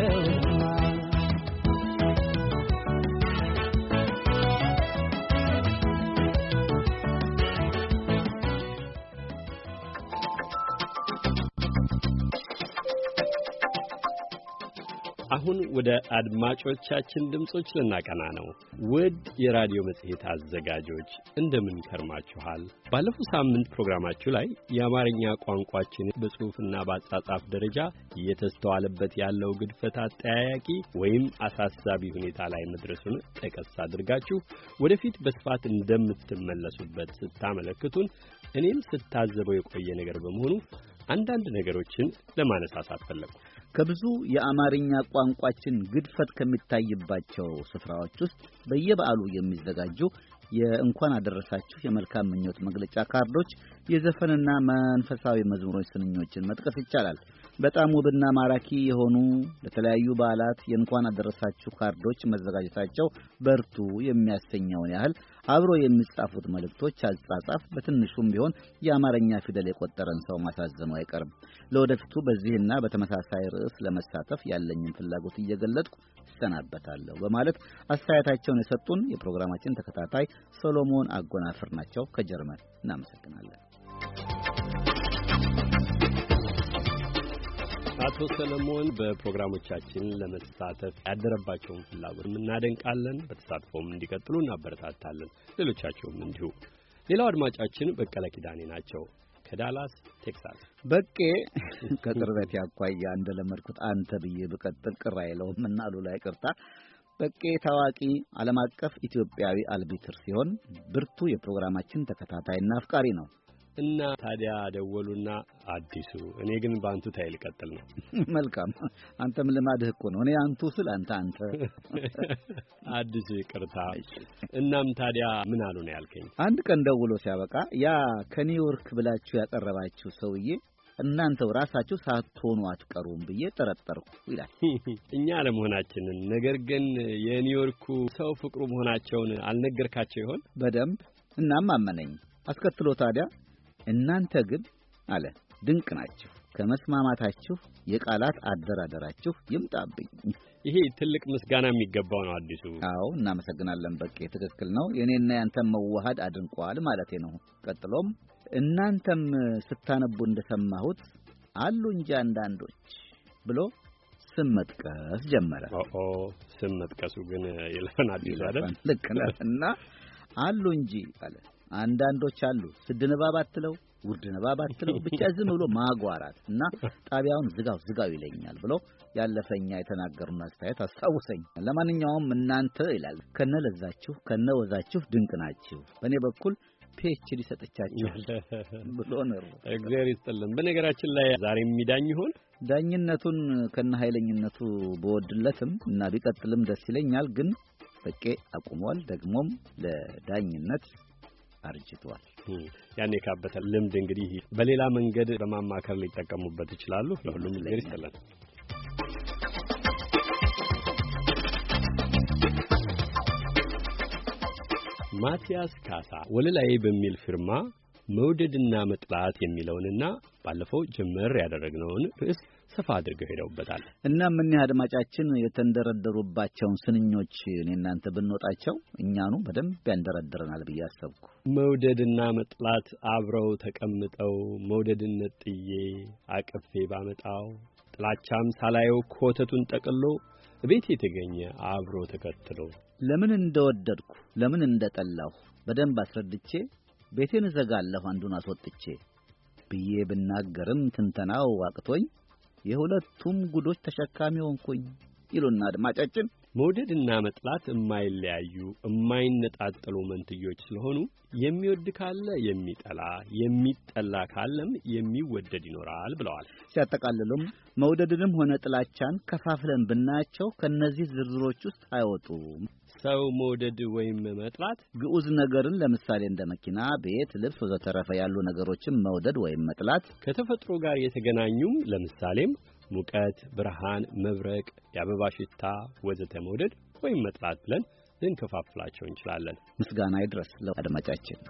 አሁን ወደ አድማጮቻችን ድምጾች ልናቀና ነው። ውድ የራዲዮ መጽሔት አዘጋጆች እንደምን ከርማችኋል? ባለፈው ሳምንት ፕሮግራማችሁ ላይ የአማርኛ ቋንቋችን በጽሑፍና በአጻጻፍ ደረጃ እየተስተዋለበት ያለው ግድፈት አጠያያቂ ወይም አሳሳቢ ሁኔታ ላይ መድረሱን ጠቀስ አድርጋችሁ ወደፊት በስፋት እንደምትመለሱበት ስታመለክቱን እኔም ስታዘበው የቆየ ነገር በመሆኑ አንዳንድ ነገሮችን ለማነሳሳት ፈለግኩ። ከብዙ የአማርኛ ቋንቋችን ግድፈት ከሚታይባቸው ስፍራዎች ውስጥ በየበዓሉ የሚዘጋጁ የእንኳን አደረሳችሁ የመልካም ምኞት መግለጫ ካርዶች፣ የዘፈንና መንፈሳዊ መዝሙሮች ስንኞችን መጥቀስ ይቻላል። በጣም ውብና ማራኪ የሆኑ ለተለያዩ በዓላት የእንኳን አደረሳችሁ ካርዶች መዘጋጀታቸው በርቱ የሚያሰኘውን ያህል አብሮ የሚጻፉት መልእክቶች አጻጻፍ በትንሹም ቢሆን የአማርኛ ፊደል የቆጠረን ሰው ማሳዘኑ አይቀርም። ለወደፊቱ በዚህና በተመሳሳይ ርዕስ ለመሳተፍ ያለኝን ፍላጎት እየገለጥኩ ይሰናበታለሁ በማለት አስተያየታቸውን የሰጡን የፕሮግራማችን ተከታታይ ሰሎሞን አጎናፍር ናቸው። ከጀርመን እናመሰግናለን። አቶ ሰለሞን በፕሮግራሞቻችን ለመሳተፍ ያደረባቸውን ፍላጎት እናደንቃለን። በተሳትፎም እንዲቀጥሉ እናበረታታለን። ሌሎቻቸውም እንዲሁ። ሌላው አድማጫችን በቀለ ኪዳኔ ናቸው ከዳላስ ቴክሳስ። በቄ ከቅርበት ያኳያ ለመድኩት አንተ ብዬ ብቀጥል ቅር አይለውም እና ላይ ቅርታ በቄ ታዋቂ ዓለም አቀፍ ኢትዮጵያዊ አልቢትር ሲሆን ብርቱ የፕሮግራማችን ተከታታይና አፍቃሪ ነው። እና ታዲያ ደወሉና አዲሱ እኔ ግን በአንቱ ታይ ልቀጥል ነው። መልካም አንተም ልማድህ እኮ ነው። እኔ አንቱ ስል አንተ አንተ አዲሱ ይቅርታ። እናም ታዲያ ምን አሉ ነው ያልከኝ? አንድ ቀን ደውሎ ሲያበቃ ያ ከኒውዮርክ ብላችሁ ያቀረባችሁ ሰውዬ እናንተው ራሳችሁ ሳትሆኑ አትቀሩም ብዬ ጠረጠርኩ ይላል። እኛ አለመሆናችንን ነገር ግን የኒውዮርኩ ሰው ፍቅሩ መሆናቸውን አልነገርካቸው ይሆን? በደንብ እናም አመነኝ። አስከትሎ ታዲያ እናንተ ግን አለ ድንቅ ናችሁ። ከመስማማታችሁ የቃላት አደራደራችሁ ይምጣብኝ። ይሄ ትልቅ ምስጋና የሚገባው ነው። አዲሱ አዎ፣ እናመሰግናለን። በቄ ትክክል ነው። የእኔና ያንተን መዋሃድ አድንቋል ማለቴ ነው። ቀጥሎም እናንተም ስታነቡ እንደሰማሁት አሉ እንጂ አንዳንዶች ብሎ ስም መጥቀስ ጀመረ። ኦ ስም መጥቀሱ ግን ይለፈን አዲሱ አይደል? ልክ ነህ። እና አሉ እንጂ አለ አንዳንዶች አሉ ስድ ንባብ አትለው ውርድ ንባብ አትለው ብቻ ዝም ብሎ ማጓራት እና ጣቢያውን ዝጋው ዝጋው ይለኛል ብሎ ያለፈኛ የተናገሩን አስተያየት አስታውሰኝ። ለማንኛውም እናንተ ይላል ከነ ለዛችሁ ከነ ወዛችሁ ድንቅ ናችሁ። በእኔ በኩል ፒኤችዲ ሰጥቻችሁ ብሎ ነው። እግዚአብሔር ይስጥልን። በነገራችን ላይ ዛሬ የሚዳኝ ይሆን? ዳኝነቱን ከነ ኃይለኝነቱ በወድለትም እና ቢቀጥልም ደስ ይለኛል ግን በቄ አቁሟል። ደግሞም ለዳኝነት አርጅቷል። ያኔ ካበተ ልምድ እንግዲህ በሌላ መንገድ በማማከር ሊጠቀሙበት ይችላሉ። ለሁሉም ነገር ይስጥልን። ማቲያስ ካሳ ወለላዬ በሚል ፊርማ መውደድና መጥላት የሚለውንና ባለፈው ጀመር ያደረግነውን ርዕስ ሰፋ አድርገው ሄደውበታል። እናም እኒህ አድማጫችን የተንደረደሩባቸውን ስንኞች እኔ እናንተ ብንወጣቸው እኛኑ በደንብ ያንደረድረናል ብዬ አሰብኩ። መውደድና መጥላት አብረው ተቀምጠው መውደድን ነጥዬ አቅፌ ባመጣው ጥላቻም ሳላየው ኮተቱን ጠቅሎ ቤት የተገኘ አብሮ ተከትሎ ለምን እንደወደድኩ ለምን እንደጠላሁ በደንብ አስረድቼ ቤቴን እዘጋለሁ አንዱን አስወጥቼ ብዬ ብናገርም ትንተናው አቅቶኝ የሁለቱም ጉዶች ተሸካሚ ሆንኩኝ ይሉና አድማጫችን መውደድና መጥላት የማይለያዩ የማይነጣጠሉ መንትዮች ስለሆኑ የሚወድ ካለ የሚጠላ የሚጠላ ካለም የሚወደድ ይኖራል ብለዋል። ሲያጠቃልሉም መውደድንም ሆነ ጥላቻን ከፋፍለን ብናያቸው ከነዚህ ዝርዝሮች ውስጥ አይወጡም ሰው መውደድ ወይም መጥላት ግዑዝ ነገርን ለምሳሌ እንደ መኪና፣ ቤት፣ ልብስ ወዘተረፈ ያሉ ነገሮችን መውደድ ወይም መጥላት ከተፈጥሮ ጋር የተገናኙም ለምሳሌም ሙቀት፣ ብርሃን፣ መብረቅ፣ የአበባ ሽታ ወዘተ መውደድ ወይም መጥላት ብለን ልንከፋፍላቸው እንችላለን። ምስጋና ይድረስ ለአድማጫችን።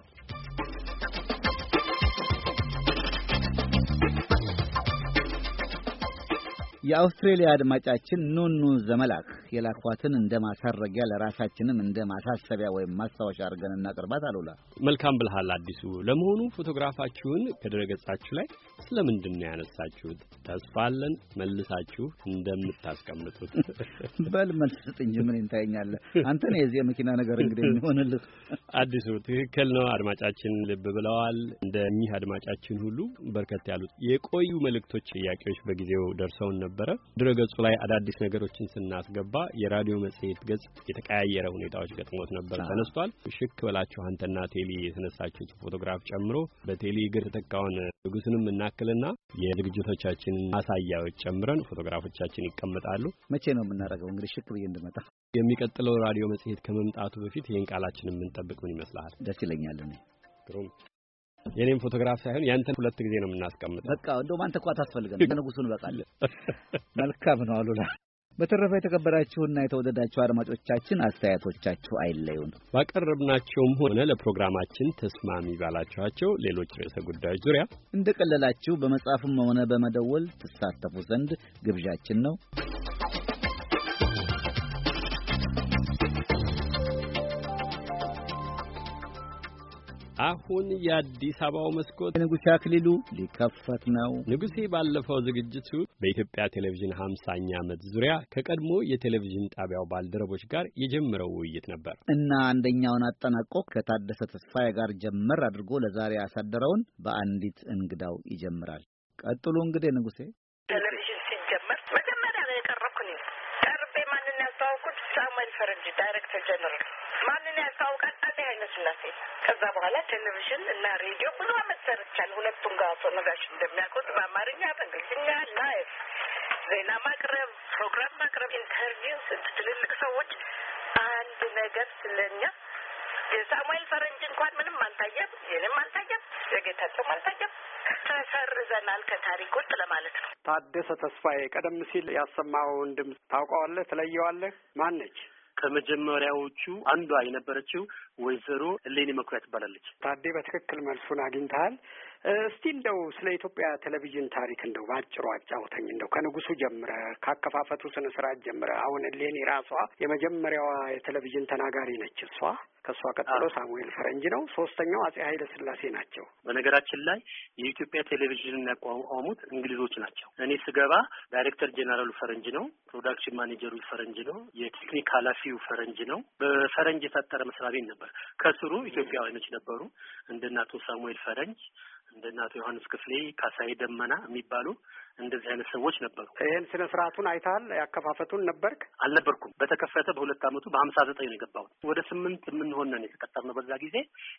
የአውስትሬሊያ አድማጫችን ኑኑ ዘመላክ የላኳትን እንደ ማሳረጊያ ለራሳችንም እንደ ማሳሰቢያ ወይም ማስታወሻ አድርገን እናቅርባት። አሉላ መልካም ብልሃል። አዲሱ ለመሆኑ ፎቶግራፋችሁን ከድረገጻችሁ ላይ ስለምንድን ነው ያነሳችሁት? ተስፋ አለን መልሳችሁ እንደምታስቀምጡት። በል መልስ ስጥ ምን ይንታየኛለ። አንተ ነው የዚህ የመኪና ነገር እንግዲህ የሚሆንልህ። አዲሱ ትክክል ነው። አድማጫችን ልብ ብለዋል። እንደኚህ አድማጫችን ሁሉ በርከት ያሉት የቆዩ መልእክቶች፣ ጥያቄዎች በጊዜው ደርሰውን ነበር ነበረ። ድረገጹ ላይ አዳዲስ ነገሮችን ስናስገባ የራዲዮ መጽሔት ገጽ የተቀያየረ ሁኔታዎች ገጥሞት ነበር ተነስቷል። ሽክ በላችሁ አንተና ቴሌ የተነሳችሁት ፎቶግራፍ ጨምሮ በቴሌ እግር ተተካውን ንጉስንም እናክልና የዝግጅቶቻችንን ማሳያዎች ጨምረን ፎቶግራፎቻችን ይቀመጣሉ። መቼ ነው የምናደርገው? እንግዲህ ሽክ ብዬ እንድመጣ የሚቀጥለው ራዲዮ መጽሔት ከመምጣቱ በፊት ይህን ቃላችን የምንጠብቅ ምን ይመስልሃል? ደስ ይለኛል። ግሩም የኔም ፎቶግራፍ ሳይሆን ያንተን ሁለት ጊዜ ነው የምናስቀምጠው። በቃ እንደውም አንተ እኮ አታስፈልገን ከንጉሱን በቃለን። መልካም ነው አሉላ። በተረፈ የተከበራችሁና የተወደዳችሁ አድማጮቻችን አስተያየቶቻችሁ አይለዩን። ባቀረብናቸውም ሆነ ለፕሮግራማችን ተስማሚ ባላችኋቸው ሌሎች ርዕሰ ጉዳዮች ዙሪያ እንደቀለላችሁ በመጻፍም ሆነ በመደወል ትሳተፉ ዘንድ ግብዣችን ነው። አሁን የአዲስ አበባው መስኮት ንጉሴ አክሊሉ ሊከፈት ነው። ንጉሴ ባለፈው ዝግጅቱ በኢትዮጵያ ቴሌቪዥን ሀምሳኛ ዓመት ዙሪያ ከቀድሞ የቴሌቪዥን ጣቢያው ባልደረቦች ጋር የጀመረው ውይይት ነበር እና አንደኛውን አጠናቆ ከታደሰ ተስፋዬ ጋር ጀመር አድርጎ ለዛሬ ያሳደረውን በአንዲት እንግዳው ይጀምራል። ቀጥሎ እንግዴ ንጉሴ አፈ ነጋሽ እንደሚያውቁት በአማርኛ በእንግሊዝኛ ላይቭ ዜና ማቅረብ፣ ፕሮግራም ማቅረብ፣ ኢንተርቪው ትልልቅ ሰዎች አንድ ነገር ስለኛ የሳሙኤል ፈረንጅ እንኳን ምንም አልታየም፣ ይህንም አልታየም፣ የጌታቸውም አልታየም። ተሰርዘናል ከታሪክ ውስጥ ለማለት ነው። ታደሰ ተስፋዬ ቀደም ሲል ያሰማኸውን ድምፅ ታውቀዋለህ? ትለየዋለህ? ማን ነች? ከመጀመሪያዎቹ አንዷ የነበረችው ወይዘሮ እሌኒ መኩሪያ ትባላለች። ታዴ በትክክል መልሱን አግኝተሃል። እስቲ እንደው ስለ ኢትዮጵያ ቴሌቪዥን ታሪክ እንደው በአጭሩ አጫውተኝ። እንደው ከንጉሱ ጀምረ ካከፋፈቱ ስነ ስርዓት ጀምረ። አሁን ሌኒ ራሷ የመጀመሪያዋ የቴሌቪዥን ተናጋሪ ነች። እሷ ከእሷ ቀጥሎ ሳሙኤል ፈረንጅ ነው። ሶስተኛው አጼ ኃይለ ስላሴ ናቸው። በነገራችን ላይ የኢትዮጵያ ቴሌቪዥን ያቋቋሙት እንግሊዞች ናቸው። እኔ ስገባ ዳይሬክተር ጄኔራሉ ፈረንጅ ነው። ፕሮዳክሽን ማኔጀሩ ፈረንጅ ነው። የቴክኒክ ኃላፊው ፈረንጅ ነው። በፈረንጅ የታጠረ መስሪያ ቤት ነበር። ከስሩ ኢትዮጵያውያኖች ነበሩ እንደ አቶ ሳሙኤል ፈረንጅ እንደ እናቶ ዮሐንስ ክፍሌ፣ ካሳዬ ደመና የሚባሉ እንደዚህ አይነት ሰዎች ነበሩ። ይህን ስነ ስርዓቱን አይተሃል? ያከፋፈቱን ነበርክ? አልነበርኩም። በተከፈተ በሁለት አመቱ በሀምሳ ዘጠኝ ነው የገባሁት። ወደ ስምንት የምንሆነን የተቀጠርነው በዛ ጊዜ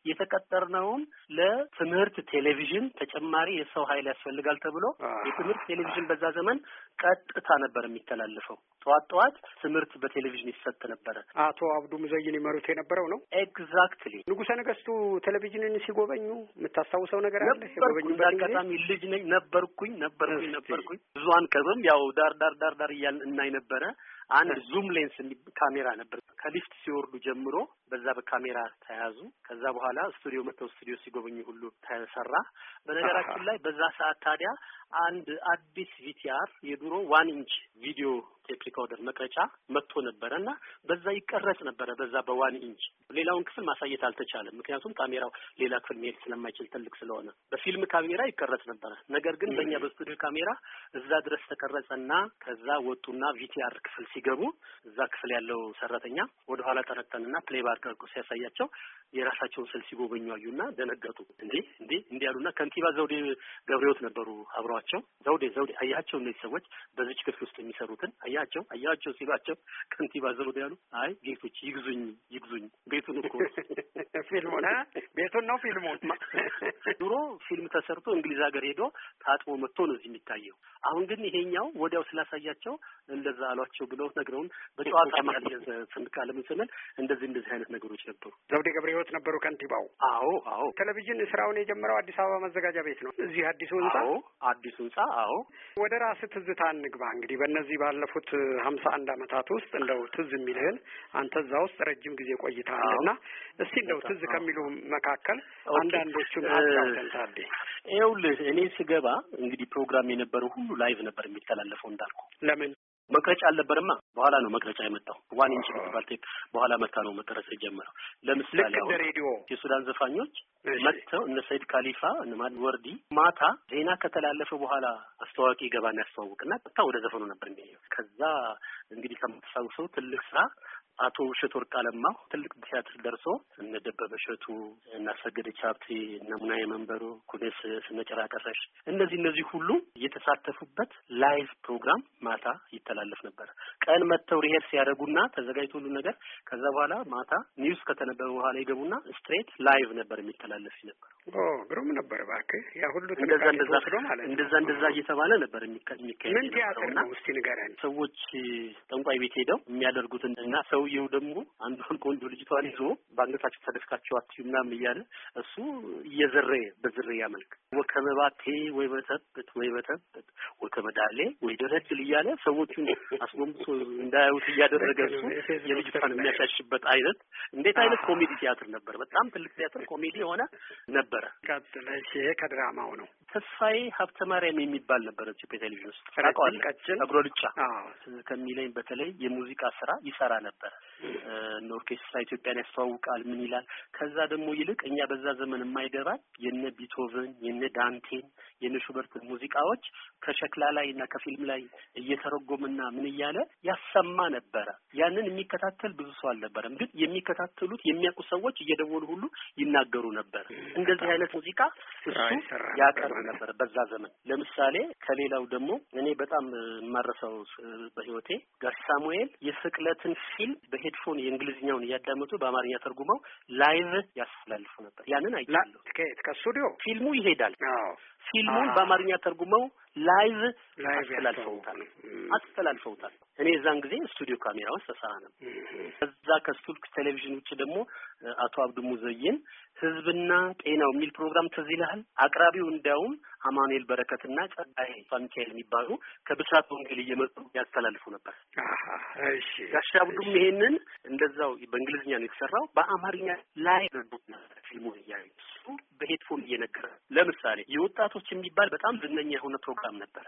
የተቀጠርነውም ለትምህርት ቴሌቪዥን ተጨማሪ የሰው ኃይል ያስፈልጋል ተብሎ የትምህርት ቴሌቪዥን በዛ ዘመን ቀጥታ ነበር የሚተላለፈው። ጠዋት ጠዋት ትምህርት በቴሌቪዥን ይሰጥ ነበረ። አቶ አብዱ ሙዘይን ይመሩት የነበረው ነው። ኤግዛክትሊ ንጉሰ ነገስቱ ቴሌቪዥንን ሲጎበኙ የምታስታውሰው ነገር አለ? አጋጣሚ ልጅ ነኝ ነበርኩኝ ነበርኩኝ ነበርኩኝ ብዙ አንቀርብም። ያው ዳር ዳር ዳር ዳር እያልን እናይ ነበረ። አንድ ዙም ሌንስ ካሜራ ነበር። ከሊፍት ሲወርዱ ጀምሮ በዛ በካሜራ ተያዙ። ከዛ በኋላ ስቱዲዮ መጥተው ስቱዲዮ ሲጎበኙ ሁሉ ተሰራ። በነገራችን ላይ በዛ ሰዓት ታዲያ አንድ አዲስ ቪቲአር የድሮ ዋን ኢንች ቪዲዮ ቴፕ ሪኮርደር መቅረጫ መጥቶ ነበረ እና በዛ ይቀረጽ ነበረ። በዛ በዋን ኢንች ሌላውን ክፍል ማሳየት አልተቻለም። ምክንያቱም ካሜራው ሌላ ክፍል መሄድ ስለማይችል ትልቅ ስለሆነ በፊልም ካሜራ ይቀረጽ ነበረ። ነገር ግን በእኛ በስቱዲዮ ካሜራ እዛ ድረስ ተቀረጸና ከዛ ወጡና ቪቲአር ክፍል ሲገቡ እዛ ክፍል ያለው ሰራተኛ ወደ ኋላ ጠረጠንና ፕሌይ ባር ቀርቆ ሲያሳያቸው የራሳቸውን ስል ሲጎበኙ አዩና ደነገጡ። እንዴ እንዴ እንዲህ ያሉና ከንቲባ ዘውዴ ገብረሕይወት ነበሩ አብረዋቸው። ዘውዴ ዘውዴ አያቸው እነዚህ ሰዎች በዚች ክፍል ውስጥ የሚሰሩትን አያቸው አያቸው ሲሏቸው ከንቲባ ዘውዴ ያሉ አይ ጌቶች ይግዙኝ ይግዙኝ ቤቱን እኮ ፊልሙን ቤቱን ነው ፊልሙን ድሮ ፊልም ተሰርቶ እንግሊዝ ሀገር ሄዶ ታጥቦ መጥቶ ነው እዚህ የሚታየው። አሁን ግን ይሄኛው ወዲያው ስላሳያቸው እንደዛ አሏቸው ብሎ ብለውት ነግረውን በጨዋታ መል ስንቃለ ምን ስንል እንደዚህ እንደዚህ አይነት ነገሮች ነበሩ። ዘውዴ ገብረ ሕይወት ነበሩ ከንቲባው። አዎ አዎ። ቴሌቪዥን ስራውን የጀመረው አዲስ አበባ መዘጋጃ ቤት ነው። እዚህ አዲሱ ህንጻ አዲሱ ህንጻ። አዎ። ወደ ራስ ትዝታ እንግባ። እንግዲህ በእነዚህ ባለፉት ሀምሳ አንድ አመታት ውስጥ እንደው ትዝ የሚልህን አንተ እዛ ውስጥ ረጅም ጊዜ ቆይተሃል እና እስቲ እንደው ትዝ ከሚሉ መካከል አንዳንዶቹን አጫውተንታል። ይኸውልህ እኔ ስገባ እንግዲህ ፕሮግራም የነበረው ሁሉ ላይቭ ነበር የሚተላለፈው እንዳልኩ ለምን መቅረጫ አልነበረማ። በኋላ ነው መቅረጫ የመጣው። ዋን ኢንች የምትባል ቴፕ በኋላ መታ ነው መቀረጽ የጀመረው። ለምሳሌ አሁን ሬዲዮ የሱዳን ዘፋኞች መጥተው እነ ሰይድ ካሊፋ እነ ማድ ወርዲ ማታ ዜና ከተላለፈ በኋላ አስተዋዋቂ ገባና ያስተዋውቅና ቀጥታ ወደ ዘፈኑ ነበር የሚሄደው። ከዛ እንግዲህ ከምትሳውሰው ትልቅ ስራ አቶ ውሸት ወርቅ አለማ ትልቅ ቲያትር ደርሶ እነ ደበበ እሸቱ፣ እነ አስፈገደች ሀብቴ፣ እነ ሙናዬ መንበሩ፣ ኩኔስ ስመጭራ ቀረሽ እነዚህ እነዚህ ሁሉ የተሳተፉበት ላይቭ ፕሮግራም ማታ ይተላለፍ ነበር። ቀን መጥተው ሪሄርስ ሲያደርጉና ተዘጋጅቶ ሁሉ ነገር ከዛ በኋላ ማታ ኒውስ ከተነበበ በኋላ ይገቡና ስትሬት ላይቭ ነበር የሚተላለፍ ነበር። ግሩም ነበር። እባክህ ያ ሁሉ እንደዛ እንደዛ እንደዛ እንደዛ እየተባለ ነበር የሚካሄድ። ምን ቲያትር ነው እስቲ ንገረን። ሰዎች ጠንቋይ ቤት ሄደው የሚያደርጉትን እና ሰውየው ደግሞ አንዷን ቆንጆ ልጅቷን ይዞ በአንገታቸው ተደፍታቸው አትዩ ምናምን እያለ እሱ እየዘረየ በዝርያ መልክ ወከመባቴ ወይ በተብት ወይ በተብት ወከመዳሌ ወይ ደረድል እያለ ሰዎቹን አስጎምቶ እንዳያዩት እያደረገ እሱ የልጅቷን የሚያሻሽበት አይነት እንዴት አይነት ኮሜዲ ቲያትር ነበር። በጣም ትልቅ ቲያትር ኮሜዲ የሆነ ነበር። ነበረ። ቀጥል። እሺ፣ ከድራማው ነው። ተስፋዬ ሀብተ ማርያም የሚባል ነበረ ኢትዮጵያ ቴሌቪዥን ውስጥ ታውቀዋለህ? ቀጭን እግሮ ልጫ ከሚለኝ በተለይ የሙዚቃ ስራ ይሰራ ነበረ። ኦርኬስትራ ኢትዮጵያን ያስተዋውቃል። ምን ይላል? ከዛ ደግሞ ይልቅ እኛ በዛ ዘመን የማይገባል የነ ቢቶቨን የነ ዳንቴን የነ ሹበርት ሙዚቃዎች ከሸክላ ላይ እና ከፊልም ላይ እየተረጎምና ምን እያለ ያሰማ ነበረ። ያንን የሚከታተል ብዙ ሰው አልነበረም፣ ግን የሚከታተሉት የሚያውቁ ሰዎች እየደወሉ ሁሉ ይናገሩ ነበር። እንደዛ እንዲህ አይነት ሙዚቃ እሱ ያቀርብ ነበር በዛ ዘመን። ለምሳሌ ከሌላው ደግሞ እኔ በጣም የማረሰው በህይወቴ ጋሽ ሳሙኤል የስቅለትን ፊልም በሄድፎን የእንግሊዝኛውን እያዳመጡ በአማርኛ ተርጉመው ላይቭ ያስተላልፉ ነበር። ያንን አይቻለሁ። ከስቱዲዮ ፊልሙ ይሄዳል። ፊልሙን በአማርኛ ተርጉመው ላይቭ አስተላልፈውታል አስተላልፈውታል። እኔ እዛን ጊዜ ስቱዲዮ ካሜራ ውስጥ ተሰራ ነው። ከዛ ከስቱልክ ቴሌቪዥን ውጭ ደግሞ አቶ አብዱ ሙዘይን ህዝብና ጤናው የሚል ፕሮግራም ትዝ ይልሃል? አቅራቢው እንዲያውም አማኑኤል በረከትና ጸጋይ ሚካኤል የሚባሉ ከብስራት ወንጌል እየመጡ ያስተላልፉ ነበር። ጋሻ አብዱም ይሄንን እንደዛው በእንግሊዝኛ ነው የተሰራው፣ በአማርኛ ላይ ፊልሙን እያዩ እሱ በሄድፎን እየነገረ ለምሳሌ የወጣቱ ወጣቶች የሚባል በጣም ዝነኛ የሆነ ፕሮግራም ነበር።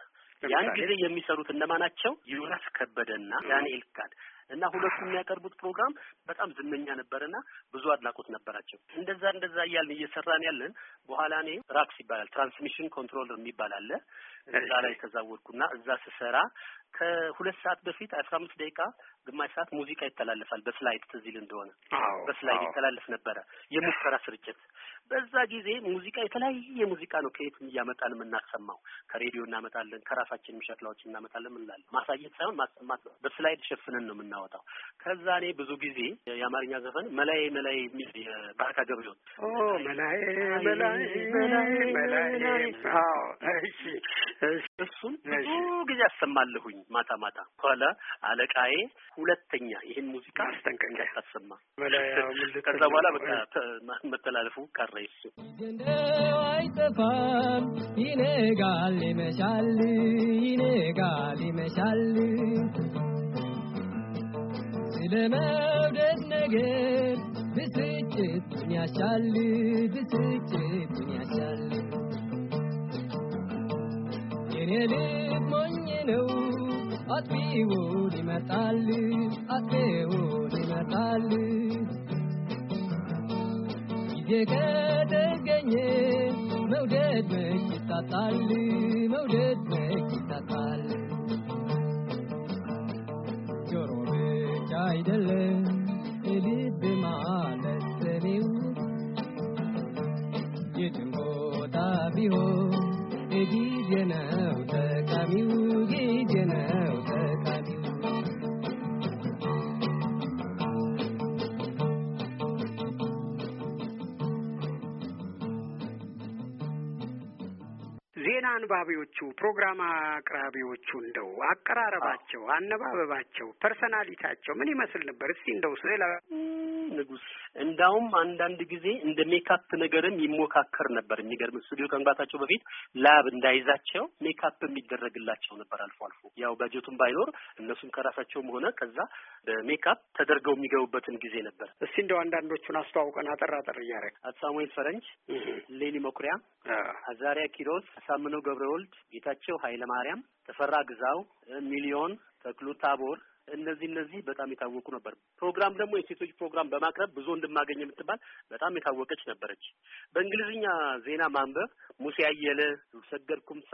ያን ጊዜ የሚሰሩት እነማናቸው? ዮናስ ከበደና ዳንኤል ካድ እና ሁለቱ የሚያቀርቡት ፕሮግራም በጣም ዝነኛ ነበርና ብዙ አድናቆት ነበራቸው። እንደዛ እንደዛ እያልን እየሰራን ያለን በኋላ እኔ ራክስ ይባላል ትራንስሚሽን ኮንትሮለር የሚባል አለ። እዛ ላይ ተዛወድኩና እዛ ስሰራ ከሁለት ሰዓት በፊት አስራ አምስት ደቂቃ ግማሽ ሰዓት ሙዚቃ ይተላለፋል። በስላይድ ትዝ ይል እንደሆነ በስላይድ ይተላለፍ ነበረ የሙከራ ስርጭት። በዛ ጊዜ ሙዚቃ የተለያየ ሙዚቃ ነው ከየት እያመጣን የምናሰማው። ከሬዲዮ እናመጣለን፣ ከራሳችን ሸክላዎች እናመጣለን ምንላለን ማሳየት ሳይሆን ማሰማት ነው። በስላይድ ሸፍነን ነው የምናወጣው። ከዛ እኔ ብዙ ጊዜ የአማርኛ ዘፈን መላዬ መላዬ የሚል የባህታ ገብሪዎት መላዬ እሱም ብዙ ጊዜ አሰማለሁኝ ማታ ማታ። ኋላ አለቃዬ ሁለተኛ ይህን ሙዚቃ አስጠንቀቅ አሰማ። ከዛ በኋላ በቃ መተላለፉ ቀረ። place. ዘንደው አይጠፋም ይነጋል ይመሻል ይነጋል ይመሻል ስለ መውደድ ነገር ብስጭትን ያሻል ብስጭትን ያሻል የኔ ልብ ሞኝ ነው አጥቢውን ይመጣል አጥቢውን ይመጣል የተገኘ መውደድ መች ይታጣል? መውደድ መች ይታጣል? ጆሮ ብቻ አይደለም ልብ ማለት የትም ቦታ ቢሆን ጊዜ ነው ጠቃሚው ዜና አንባቢዎቹ ፕሮግራም አቅራቢዎቹ እንደው አቀራረባቸው፣ አነባበባቸው፣ ፐርሰናሊታቸው ምን ይመስል ነበር? እስቲ እንደው ስለ ንጉስ እንዳውም አንዳንድ ጊዜ እንደ ሜካፕ ነገርም ይሞካከር ነበር። የሚገርም ስቱዲዮ ከመግባታቸው በፊት ላብ እንዳይዛቸው ሜካፕ የሚደረግላቸው ነበር አልፎ አልፎ። ያው በጀቱም ባይኖር እነሱም ከራሳቸውም ሆነ ከዛ በሜካፕ ተደርገው የሚገቡበትን ጊዜ ነበር። እስቲ እንደው አንዳንዶቹን አስተዋውቀን አጠር አጠር እያደረግ አቶ ሳሙኤል ፈረንጅ፣ ሌኒ መኩሪያ፣ አዛሪያ ኪሮስ፣ አሳምነው ገብረወልድ፣ ጌታቸው ኃይለ ማርያም፣ ተፈራ ግዛው፣ ሚሊዮን ተክሉ ታቦር እነዚህ እነዚህ በጣም የታወቁ ነበር። ፕሮግራም ደግሞ የሴቶች ፕሮግራም በማቅረብ ብዙ እንድማገኝ የምትባል በጣም የታወቀች ነበረች። በእንግሊዝኛ ዜና ማንበብ ሙሴ አየለ፣ ሰገድ ኩምሳ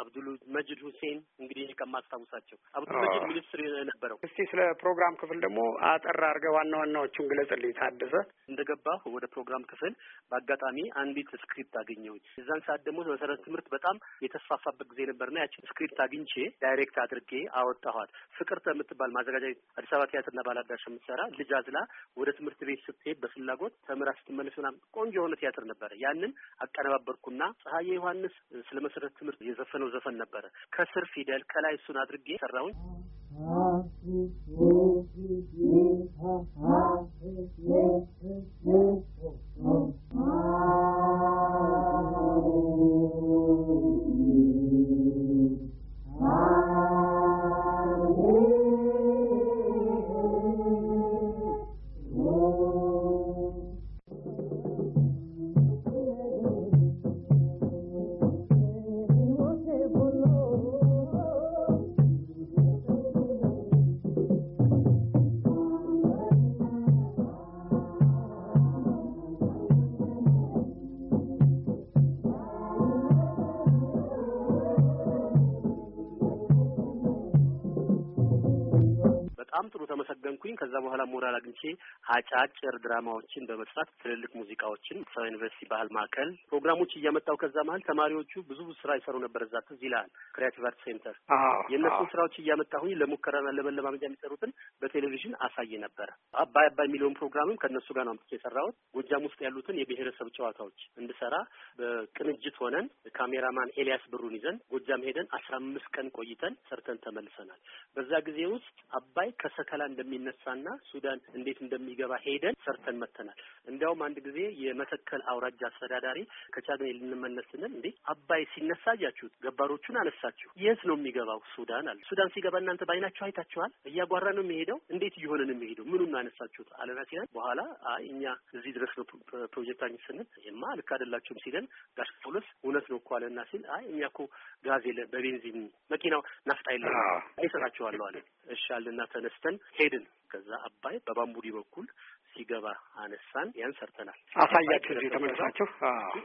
አብዱል መጅድ ሁሴን እንግዲህ ከማስታውሳቸው አብዱል መጅድ ሚኒስትር የነበረው። እስቲ ስለ ፕሮግራም ክፍል ደግሞ አጠር አድርገህ ዋና ዋናዎቹን ግለጽልኝ። ታደሰ እንደገባሁ ወደ ፕሮግራም ክፍል በአጋጣሚ አንዲት ስክሪፕት አገኘሁኝ። እዛን ሰዓት ደግሞ መሰረተ ትምህርት በጣም የተስፋፋበት ጊዜ ነበርና ያችን ስክሪፕት አግኝቼ ዳይሬክት አድርጌ አወጣኋት። ፍቅርተ የምትባል ማዘጋጃ አዲስ አበባ ቲያትርና ባህል አዳራሽ የምትሰራ ልጅ አዝላ ወደ ትምህርት ቤት ስትሄድ በፍላጎት ተምራ ስትመለስ ምናምን ቆንጆ የሆነ ቲያትር ነበረ። ያንን አቀነባበርኩና ፀሐዬ ዮሐንስ ስለ መሰረተ ትምህርት የዘፈ የምዘፈነው ዘፈን ነበረ። ከስር ፊደል ከላይ እሱን አድርጌ ሰራሁኝ። Thank you. ተቀጠልኩኝ። ከዛ በኋላ ሞራል አግኝቼ አጫጭር ድራማዎችን በመስራት ትልልቅ ሙዚቃዎችን ሰው ዩኒቨርሲቲ ባህል ማዕከል ፕሮግራሞች እያመጣው ከዛ መሀል ተማሪዎቹ ብዙ ስራ ይሰሩ ነበር። እዛ ትዝ ይልሃል ክሪያቲቭ አርት ሴንተር የእነሱን ስራዎች እያመጣሁኝ ለሙከራና ለመለማመጃ የሚሰሩትን በቴሌቪዥን አሳይ ነበር። አባይ አባይ የሚለውን ፕሮግራምም ከእነሱ ጋር ነው አምጥቼ የሰራሁት። ጎጃም ውስጥ ያሉትን የብሔረሰብ ጨዋታዎች እንድሰራ በቅንጅት ሆነን ካሜራማን ኤልያስ ብሩን ይዘን ጎጃም ሄደን አስራ አምስት ቀን ቆይተን ሰርተን ተመልሰናል። በዛ ጊዜ ውስጥ አባይ ከሰከላ እንደሚነ እንደተነሳና ሱዳን እንዴት እንደሚገባ ሄደን ሰርተን መተናል። እንዲያውም አንድ ጊዜ የመተከል አውራጃ አስተዳዳሪ ከቻግኔ ልንመለስ ስንል እንዴ አባይ ሲነሳ እያችሁት ገባሮቹን አነሳችሁ፣ የት ነው የሚገባው ሱዳን አለ። ሱዳን ሲገባ እናንተ ባይናችሁ አይታችኋል? እያጓራ ነው የሚሄደው። እንዴት እየሆነ ነው የሚሄደው? ነው ያነሳችሁት? አለና ሲለን በኋላ አይ እኛ እዚህ ድረስ ነው ፕሮጀክታችን ስንል ይማ ልክ አይደላችሁም ሲለን ጋሽ ፖሎስ እውነት ነው እኮ አለና ሲል አይ እኛ እኮ ጋዝ የለ በቤንዚን መኪናው ናፍጣ የለ አይሰጣችኋለሁ አለ። እሻልና ተነስተን ሄድን። ከዛ አባይ በባምቡዲ በኩል ሲገባ አነሳን። ያን ሰርተናል። አሳያችሁ እዚህ ተመልሳችሁ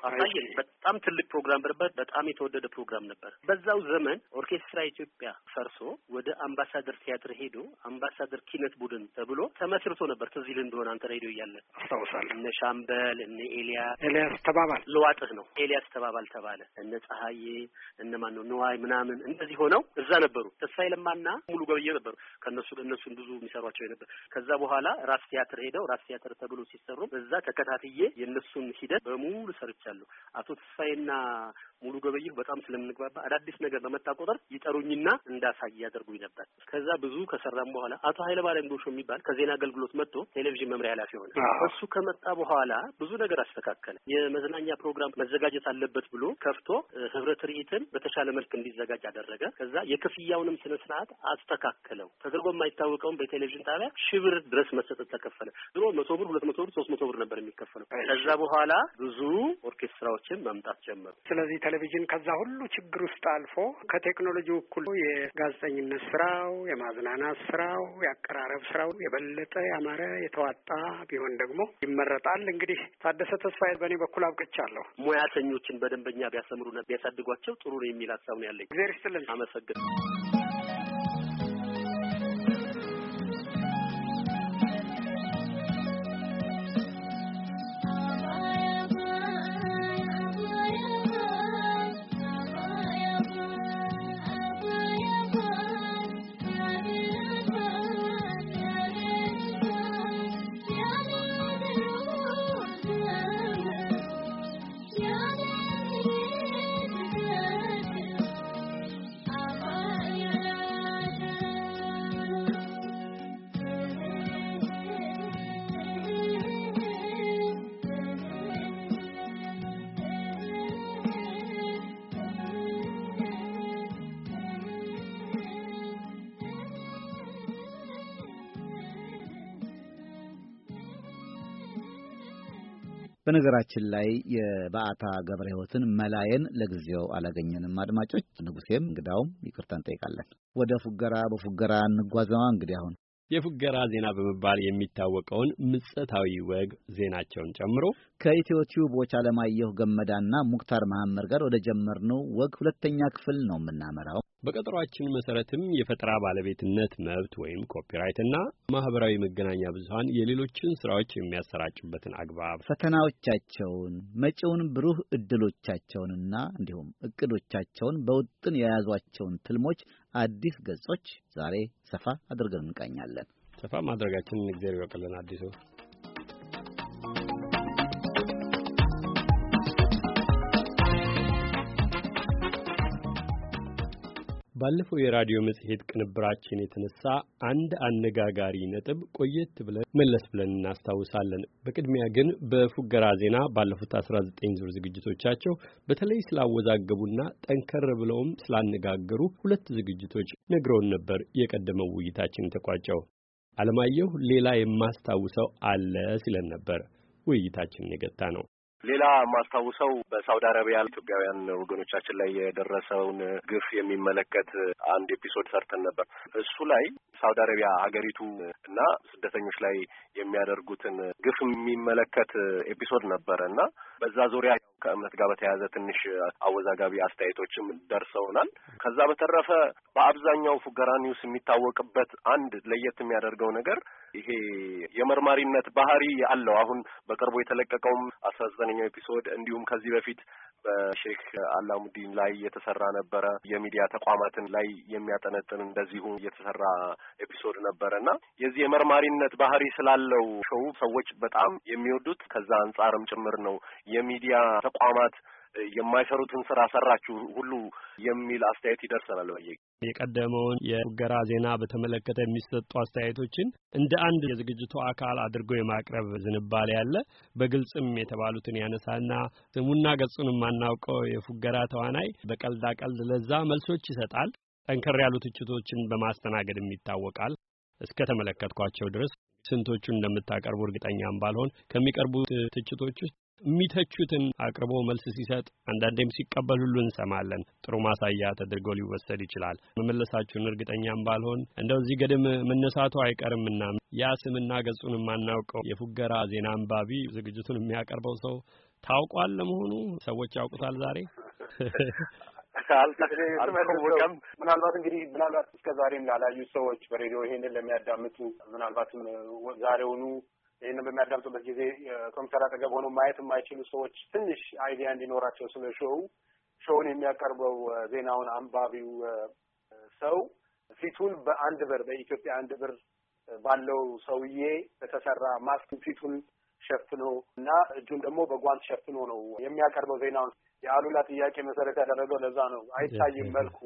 አሳየን። በጣም ትልቅ ፕሮግራም ነበር። በጣም የተወደደ ፕሮግራም ነበር። በዛው ዘመን ኦርኬስትራ ኢትዮጵያ ፈርሶ ወደ አምባሳደር ቲያትር ሄዶ አምባሳደር ኪነት ቡድን ተብሎ ተመስርቶ ነበር። ትዝ ይልህ እንደሆነ አንተ ሬዲዮ እያለ አስታውሳለሁ። እነ ሻምበል እነ ኤልያ ኤልያስ ተባባል ልዋጥህ ነው ኤልያስ ተባባል ተባለ። እነ ፀሐዬ እነ ማን ነው ንዋይ ምናምን እንደዚህ ሆነው እዛ ነበሩ። ተስፋዬ ለማና ሙሉ ገብዬ ነበሩ። ከእነሱ እነሱን ብዙ የሚሰሯቸው ነበር። ከዛ በኋላ ራስ ቲያትር ሄደው ዳስ ቲያትር ተብሎ ሲሰሩ በዛ ተከታትዬ የእነሱን ሂደት በሙሉ ሰርቻለሁ። አቶ ተስፋዬና ሙሉ ገበየሁ በጣም ስለምንግባባ አዳዲስ ነገር በመጣ ቁጥር ይጠሩኝና እንዳሳይ ያደርጉኝ ነበር። ከዛ ብዙ ከሰራም በኋላ አቶ ኃይለ ማርያም ጎሾ የሚባል ከዜና አገልግሎት መጥቶ ቴሌቪዥን መምሪያ ኃላፊ ሆነ። እሱ ከመጣ በኋላ ብዙ ነገር አስተካከለ። የመዝናኛ ፕሮግራም መዘጋጀት አለበት ብሎ ከፍቶ ህብረ ትርኢትን በተሻለ መልክ እንዲዘጋጅ አደረገ። ከዛ የክፍያውንም ስነ ስርዓት አስተካከለው። ተደርጎ የማይታወቀውን በቴሌቪዥን ጣቢያ ሺህ ብር ድረስ መሰጠት ተከፈለ። ድሮ መቶ ብር፣ ሁለት መቶ ብር፣ ሶስት መቶ ብር ነበር የሚከፈለው። ከዛ በኋላ ብዙ ኦርኬስትራዎችን መምጣት ጀመሩ። ስለዚህ ቴሌቪዥን ከዛ ሁሉ ችግር ውስጥ አልፎ ከቴክኖሎጂ እኩል የጋዜጠኝነት ስራው፣ የማዝናናት ስራው፣ የአቀራረብ ስራው የበለጠ ያማረ የተዋጣ ቢሆን ደግሞ ይመረጣል። እንግዲህ ታደሰ ተስፋዬ በእኔ በኩል አብቅቻለሁ። ሙያተኞችን በደንበኛ ቢያሰምሩ ቢያሳድጓቸው ጥሩ ነው የሚል ሀሳብ ነው ያለኝ። እግዜር ይስጥልን። አመሰግናለሁ። በነገራችን ላይ የበዓታ ገብረ ሕይወትን መላየን ለጊዜው አላገኘንም። አድማጮች፣ ንጉሴም እንግዳውም ይቅርታ እንጠይቃለን። ወደ ፉገራ በፉገራ እንጓዘማ እንግዲህ አሁን የፉገራ ዜና በመባል የሚታወቀውን ምጸታዊ ወግ ዜናቸውን ጨምሮ ከኢትዮ ቲዩቦች አለማየሁ ገመዳና ሙክታር መሐመድ ጋር ወደ ጀመርነው ወግ ሁለተኛ ክፍል ነው የምናመራው። በቀጠሯችን መሰረትም የፈጠራ ባለቤትነት መብት ወይም ኮፒራይትና ማህበራዊ መገናኛ ብዙሀን የሌሎችን ስራዎች የሚያሰራጩበትን አግባብ፣ ፈተናዎቻቸውን፣ መጪውን ብሩህ እድሎቻቸውንና እንዲሁም እቅዶቻቸውን በውጥን የያዟቸውን ትልሞች አዲስ ገጾች ዛሬ ሰፋ አድርገን እንቃኛለን። ሰፋ ማድረጋችንን እግዚአብሔር ይወቅልን አዲሱ ባለፈው የራዲዮ መጽሔት ቅንብራችን የተነሳ አንድ አነጋጋሪ ነጥብ ቆየት ብለን መለስ ብለን እናስታውሳለን። በቅድሚያ ግን በፉገራ ዜና ባለፉት 19 ዙር ዝግጅቶቻቸው በተለይ ስላወዛገቡና ጠንከር ብለውም ስላነጋገሩ ሁለት ዝግጅቶች ነግረውን ነበር። የቀደመው ውይይታችን የተቋጨው አለማየሁ ሌላ የማስታውሰው አለ ሲለን ነበር። ውይይታችንን የገታ ነው። ሌላ ማስታውሰው በሳውዲ አረቢያ ኢትዮጵያውያን ወገኖቻችን ላይ የደረሰውን ግፍ የሚመለከት አንድ ኤፒሶድ ሰርተን ነበር። እሱ ላይ ሳውዲ አረቢያ ሀገሪቱ እና ስደተኞች ላይ የሚያደርጉትን ግፍ የሚመለከት ኤፒሶድ ነበረ እና በዛ ዙሪያ ከእምነት ጋር በተያያዘ ትንሽ አወዛጋቢ አስተያየቶችም ደርሰውናል። ከዛ በተረፈ በአብዛኛው ፉገራ ኒውስ የሚታወቅበት አንድ ለየት የሚያደርገው ነገር ይሄ የመርማሪነት ባህሪ አለው። አሁን በቅርቡ የተለቀቀውም አስራ ዘጠነኛው ኤፒሶድ እንዲሁም ከዚህ በፊት በሼክ አላሙዲን ላይ የተሰራ ነበረ። የሚዲያ ተቋማትን ላይ የሚያጠነጥን እንደዚሁ የተሰራ ኤፒሶድ ነበረ እና የዚህ የመርማሪነት ባህሪ ስላለው ሾው ሰዎች በጣም የሚወዱት ከዛ አንጻርም ጭምር ነው የሚዲያ ተቋማት የማይሰሩትን ስራ ሰራችሁ ሁሉ የሚል አስተያየት ይደርሰናል። በየ የቀደመውን የሙገራ ዜና በተመለከተ የሚሰጡ አስተያየቶችን እንደ አንድ የዝግጅቱ አካል አድርጎ የማቅረብ ዝንባሌ ያለ በግልጽም የተባሉትን ያነሳና ስሙና ገጹን የማናውቀው የፉገራ ተዋናይ በቀልዳቀልድ ቀልድ ለዛ መልሶች ይሰጣል። ጠንከር ያሉ ትችቶችን በማስተናገድም ይታወቃል። እስከ ተመለከትኳቸው ድረስ ስንቶቹን እንደምታቀርቡ እርግጠኛም ባልሆን ከሚቀርቡት ትችቶች ውስጥ የሚተቹትን አቅርቦ መልስ ሲሰጥ አንዳንዴም ሲቀበል ሁሉ እንሰማለን። ጥሩ ማሳያ ተደርጎ ሊወሰድ ይችላል። መመለሳችሁን እርግጠኛም ባልሆን እንደው እዚህ ገድም መነሳቱ አይቀርምና ያ ስምና ገጹን የማናውቀው የፉገራ ዜና አንባቢ ዝግጅቱን የሚያቀርበው ሰው ታውቋል ለመሆኑ? ሰዎች ያውቁታል ዛሬ አልታወቀም። ምናልባት እንግዲህ ምናልባት እስከ ዛሬም ላላዩ ሰዎች በሬዲዮ ይሄንን ለሚያዳምጡ ምናልባትም ዛሬውኑ ይህን በሚያዳምጡበት ጊዜ ኮምፒውተር አጠገብ ሆኖ ማየት የማይችሉ ሰዎች ትንሽ አይዲያ እንዲኖራቸው ስለ ሾው ሾውን የሚያቀርበው ዜናውን አንባቢው ሰው ፊቱን በአንድ ብር በኢትዮጵያ አንድ ብር ባለው ሰውዬ በተሰራ ማስክ ፊቱን ሸፍኖ እና እጁን ደግሞ በጓንት ሸፍኖ ነው የሚያቀርበው ዜናውን። የአሉላ ጥያቄ መሰረት ያደረገው ለዛ ነው። አይታይም መልኩ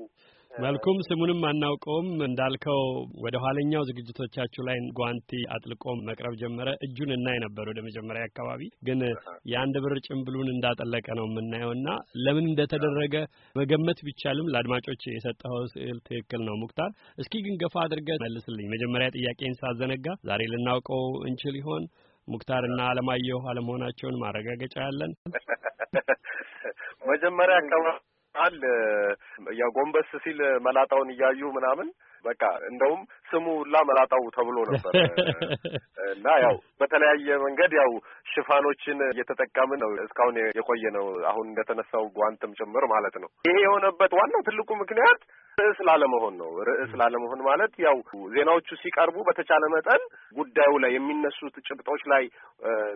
መልኩም ስሙንም አናውቀውም እንዳልከው ወደ ኋለኛው ዝግጅቶቻችሁ ላይ ጓንቲ አጥልቆ መቅረብ ጀመረ። እጁን እናይ ነበር ወደ መጀመሪያ አካባቢ ግን የአንድ ብር ጭምብሉን እንዳጠለቀ ነው የምናየው እና ለምን እንደተደረገ መገመት ቢቻልም ለአድማጮች የሰጠኸው ስዕል ትክክል ነው። ሙክታር እስኪ ግን ገፋ አድርገህ መልስልኝ። መጀመሪያ ጥያቄን ሳዘነጋ ዛሬ ልናውቀው እንችል ይሆን? ሙክታርና አለማየሁ አለመሆናቸውን ማረጋገጫ ያለን መጀመሪያ አካባል ጎንበስ ሲል መላጣውን እያዩ ምናምን በቃ እንደውም ስሙ ሁላ መላጣው ተብሎ ነበር እና ያው በተለያየ መንገድ ያው ሽፋኖችን እየተጠቀምን ነው እስካሁን የቆየ ነው። አሁን እንደተነሳው ጓንትም ጭምር ማለት ነው። ይሄ የሆነበት ዋናው ትልቁ ምክንያት ርዕስ ላለመሆን ነው። ርዕስ ላለመሆን ማለት ያው ዜናዎቹ ሲቀርቡ በተቻለ መጠን ጉዳዩ ላይ የሚነሱት ጭብጦች ላይ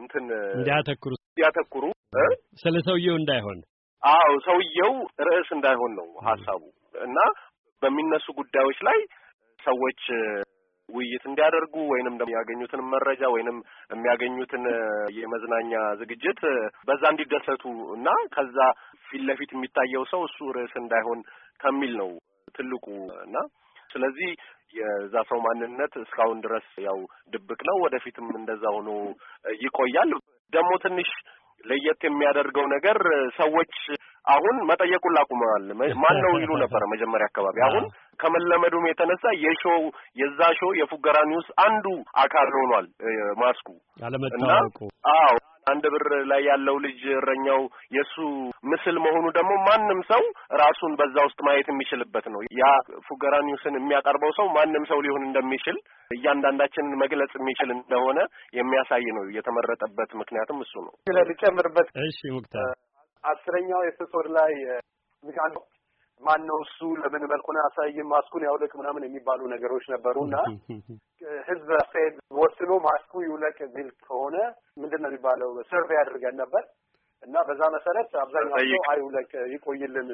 እንትን እንዲያተኩሩ ያተኩሩ ስለ ሰውየው እንዳይሆን አዎ ሰውየው ርዕስ እንዳይሆን ነው ሀሳቡ እና በሚነሱ ጉዳዮች ላይ ሰዎች ውይይት እንዲያደርጉ ወይንም ደግሞ ያገኙትን መረጃ ወይንም የሚያገኙትን የመዝናኛ ዝግጅት በዛ እንዲደሰቱ እና ከዛ ፊት ለፊት የሚታየው ሰው እሱ ርዕስ እንዳይሆን ከሚል ነው ትልቁ እና ስለዚህ የዛ ሰው ማንነት እስካሁን ድረስ ያው ድብቅ ነው። ወደፊትም እንደዛ ሆኖ ይቆያል። ደግሞ ትንሽ ለየት የሚያደርገው ነገር ሰዎች አሁን መጠየቁን ላቁመዋል። ማን ነው ይሉ ነበረ መጀመሪያ አካባቢ። አሁን ከመለመዱም የተነሳ የሾው የዛ ሾው የፉገራ ኒውስ አንዱ አካል ሆኗል ማስኩ እና አዎ አንድ ብር ላይ ያለው ልጅ እረኛው የእሱ ምስል መሆኑ ደግሞ ማንም ሰው ራሱን በዛ ውስጥ ማየት የሚችልበት ነው። ያ ፉገራ ኒውስን የሚያቀርበው ሰው ማንም ሰው ሊሆን እንደሚችል እያንዳንዳችንን መግለጽ የሚችል እንደሆነ የሚያሳይ ነው። የተመረጠበት ምክንያትም እሱ ነው። ልጨምርበት። እሺ፣ ሙክታር አስረኛው ኤፒሶድ ላይ ማን ነው እሱ? ለምን መልኩን አያሳይም? ማስኩን ያውልቅ ምናምን የሚባሉ ነገሮች ነበሩ እና ህዝብ አስተያየት ወስኖ ማስኩ ይውለቅ የሚል ከሆነ ምንድን ነው የሚባለው? ሰርቬይ አድርገን ነበር እና በዛ መሰረት አብዛኛው ሰው አይውለቅ ይቆይልን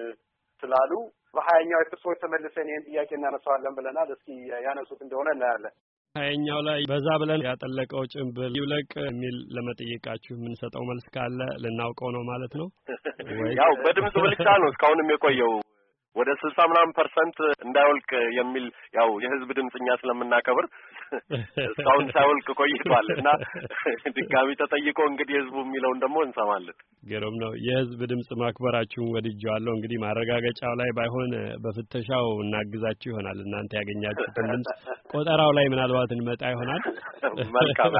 ስላሉ በሀያኛው ኤፒሶድ ተመልሰን ይህን ጥያቄ እናነሳዋለን ብለናል። እስኪ ያነሱት እንደሆነ እናያለን። ሀያኛው ላይ በዛ ብለን ያጠለቀው ጭንብል ይውለቅ የሚል ለመጠየቃችሁ የምንሰጠው መልስ ካለ ልናውቀው ነው ማለት ነው። ያው በድምፅ ብልጫ ነው እስካሁንም የቆየው ወደ ስልሳ ምናምን ፐርሰንት እንዳይወልቅ የሚል ያው የህዝብ ድምፅኛ ስለምናከብር እስካሁን ሳይወልቅ ቆይቷል እና ድጋሚ ተጠይቆ እንግዲህ ህዝቡ የሚለውን ደግሞ እንሰማለን። ግሩም ነው። የህዝብ ድምጽ ማክበራችሁን ወድጀዋለሁ። እንግዲህ ማረጋገጫው ላይ ባይሆን በፍተሻው እናግዛችሁ ይሆናል። እናንተ ያገኛችሁትን ድምጽ ቆጠራው ላይ ምናልባት እንመጣ ይሆናል። መልካም።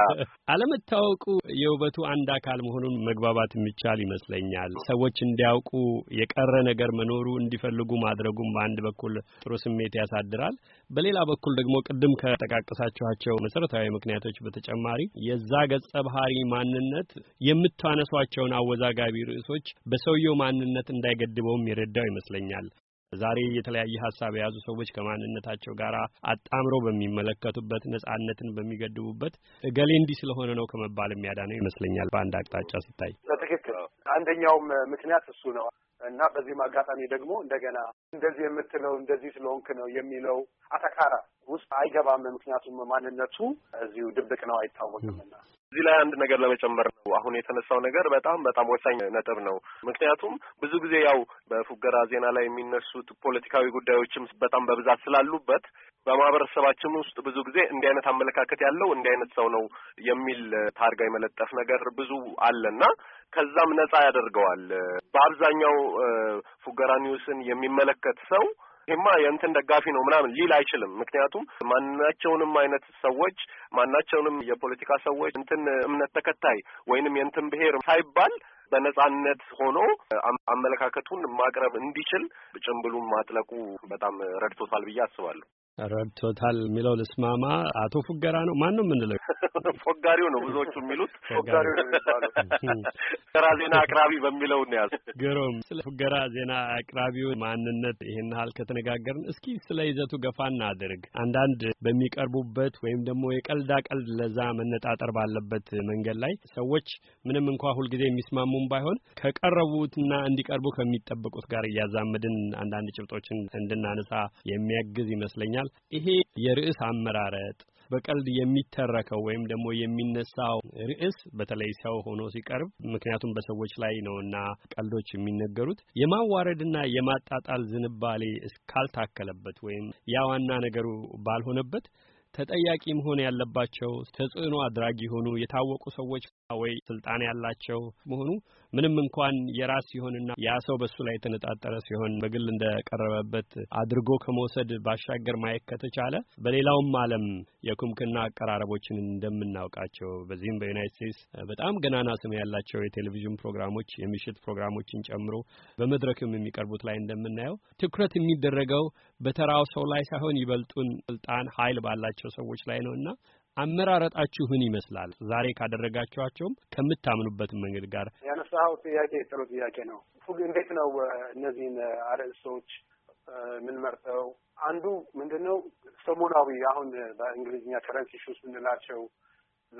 አለመታወቁ የውበቱ አንድ አካል መሆኑን መግባባት የሚቻል ይመስለኛል። ሰዎች እንዲያውቁ የቀረ ነገር መኖሩ እንዲፈልጉ ማድረጉም በአንድ በኩል ጥሩ ስሜት ያሳድራል። በሌላ በኩል ደግሞ ቅድም ከጠቃቀሳችኋቸው መሰረታዊ ምክንያቶች በተጨማሪ የዛ ገጸ ባህሪ ማንነት የምታነሷቸውን አወዛጋቢ ርዕሶች በሰውየው ማንነት እንዳይገድበውም ይረዳው ይመስለኛል። ዛሬ የተለያየ ሀሳብ የያዙ ሰዎች ከማንነታቸው ጋር አጣምሮ በሚመለከቱበት ነጻነትን በሚገድቡበት እገሌ እንዲህ ስለሆነ ነው ከመባል የሚያዳነው ይመስለኛል። በአንድ አቅጣጫ ሲታይ ትክክል። አንደኛውም ምክንያት እሱ ነው እና በዚህም አጋጣሚ ደግሞ እንደገና እንደዚህ የምትለው እንደዚህ ስለሆንክ ነው የሚለው አተካራ ውስጥ አይገባም። ምክንያቱም ማንነቱ እዚሁ ድብቅ ነው፣ አይታወቅምና። እዚህ ላይ አንድ ነገር ለመጨመር ነው። አሁን የተነሳው ነገር በጣም በጣም ወሳኝ ነጥብ ነው። ምክንያቱም ብዙ ጊዜ ያው በፉገራ ዜና ላይ የሚነሱት ፖለቲካዊ ጉዳዮችም በጣም በብዛት ስላሉበት በማህበረሰባችን ውስጥ ብዙ ጊዜ እንዲህ አይነት አመለካከት ያለው እንዲህ አይነት ሰው ነው የሚል ታርጋ የመለጠፍ ነገር ብዙ አለና ከዛም ነጻ ያደርገዋል። በአብዛኛው ፉገራ ኒውስን የሚመለከት ሰው ይሄማ የእንትን ደጋፊ ነው ምናምን ሊል አይችልም። ምክንያቱም ማናቸውንም አይነት ሰዎች ማናቸውንም የፖለቲካ ሰዎች እንትን እምነት ተከታይ ወይንም የእንትን ብሔር ሳይባል በነጻነት ሆኖ አመለካከቱን ማቅረብ እንዲችል ጭምብሉን ማጥለቁ በጣም ረድቶታል ብዬ አስባለሁ። ረድቶታል የሚለው ልስማማ። አቶ ፉገራ ነው ማን ነው የምንለው? ፎጋሪው ነው ብዙዎቹ የሚሉት ፎጋሪው ነው የሚባለው። ፉገራ ዜና አቅራቢ በሚለው ነው ያዘ። ግሩም። ስለ ፉገራ ዜና አቅራቢው ማንነት ይህን ያህል ከተነጋገርን፣ እስኪ ስለ ይዘቱ ገፋ እናድርግ። አንዳንድ በሚቀርቡበት ወይም ደግሞ የቀልዳ ቀልድ ለዛ መነጣጠር ባለበት መንገድ ላይ ሰዎች ምንም እንኳ ሁልጊዜ የሚስማሙም ባይሆን ከቀረቡትና እንዲቀርቡ ከሚጠበቁት ጋር እያዛመድን አንዳንድ ጭብጦችን እንድናነሳ የሚያግዝ ይመስለኛል። ገልጸውታል። ይሄ የርዕስ አመራረጥ በቀልድ የሚተረከው ወይም ደግሞ የሚነሳው ርዕስ በተለይ ሰው ሆኖ ሲቀርብ ምክንያቱም በሰዎች ላይ ነውና ቀልዶች የሚነገሩት የማዋረድና የማጣጣል ዝንባሌ እስካልታከለበት ወይም ያ ዋና ነገሩ ባልሆነበት ተጠያቂ መሆን ያለባቸው ተጽዕኖ አድራጊ የሆኑ የታወቁ ሰዎች ወይ ስልጣን ያላቸው መሆኑ ምንም እንኳን የራስ ሲሆንና ያ ሰው በሱ ላይ የተነጣጠረ ሲሆን በግል እንደቀረበበት አድርጎ ከመውሰድ ባሻገር ማየት ከተቻለ በሌላውም ዓለም የኩምክና አቀራረቦችን እንደምናውቃቸው በዚህም በዩናይት ስቴትስ በጣም ገናና ስም ያላቸው የቴሌቪዥን ፕሮግራሞች የምሽት ፕሮግራሞችን ጨምሮ በመድረክም የሚቀርቡት ላይ እንደምናየው ትኩረት የሚደረገው በተራው ሰው ላይ ሳይሆን ይበልጡን ስልጣን ኃይል ባላቸው ሰዎች ላይ እና አመራረጣችሁን ይመስላል ዛሬ ካደረጋችኋቸውም ከምታምኑበት መንገድ ጋር ያነሳው ጥያቄ ጥሩ ጥያቄ ነው። ሁሉ እንዴት ነው እነዚህን አርዕሶች የምንመርጠው? አንዱ ምንድን ነው ሰሞናዊ አሁን በእንግሊዝኛ ከረንት ኢሹስ ምንላቸው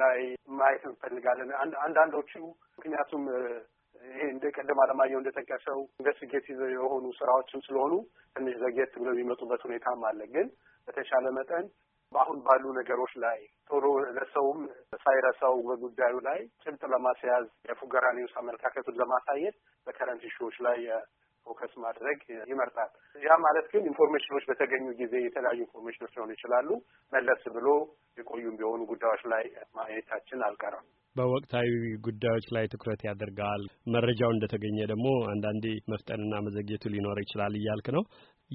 ላይ ማየት እንፈልጋለን። አንዳንዶቹ ምክንያቱም ይሄ እንደ ቀደም አለማየሁ እንደጠቀሰው ኢንቨስቲጌቲቭ የሆኑ ስራዎችም ስለሆኑ ትንሽ ዘግየት ብለው የሚመጡበት ሁኔታም አለ። ግን በተሻለ መጠን በአሁን ባሉ ነገሮች ላይ ቶሎ ለሰውም ሳይረሳው በጉዳዩ ላይ ጭብጥ ለማስያዝ የፉገራ ኒውስ አመለካከቱን ለማሳየት በከረንት ሾዎች ላይ ፎከስ ማድረግ ይመርጣል። ያ ማለት ግን ኢንፎርሜሽኖች በተገኙ ጊዜ የተለያዩ ኢንፎርሜሽኖች ሊሆኑ ይችላሉ። መለስ ብሎ የቆዩም ቢሆኑ ጉዳዮች ላይ ማየታችን አልቀረም። በወቅታዊ ጉዳዮች ላይ ትኩረት ያደርጋል። መረጃው እንደተገኘ ደግሞ አንዳንዴ መፍጠንና መዘግየቱ ሊኖር ይችላል እያልክ ነው።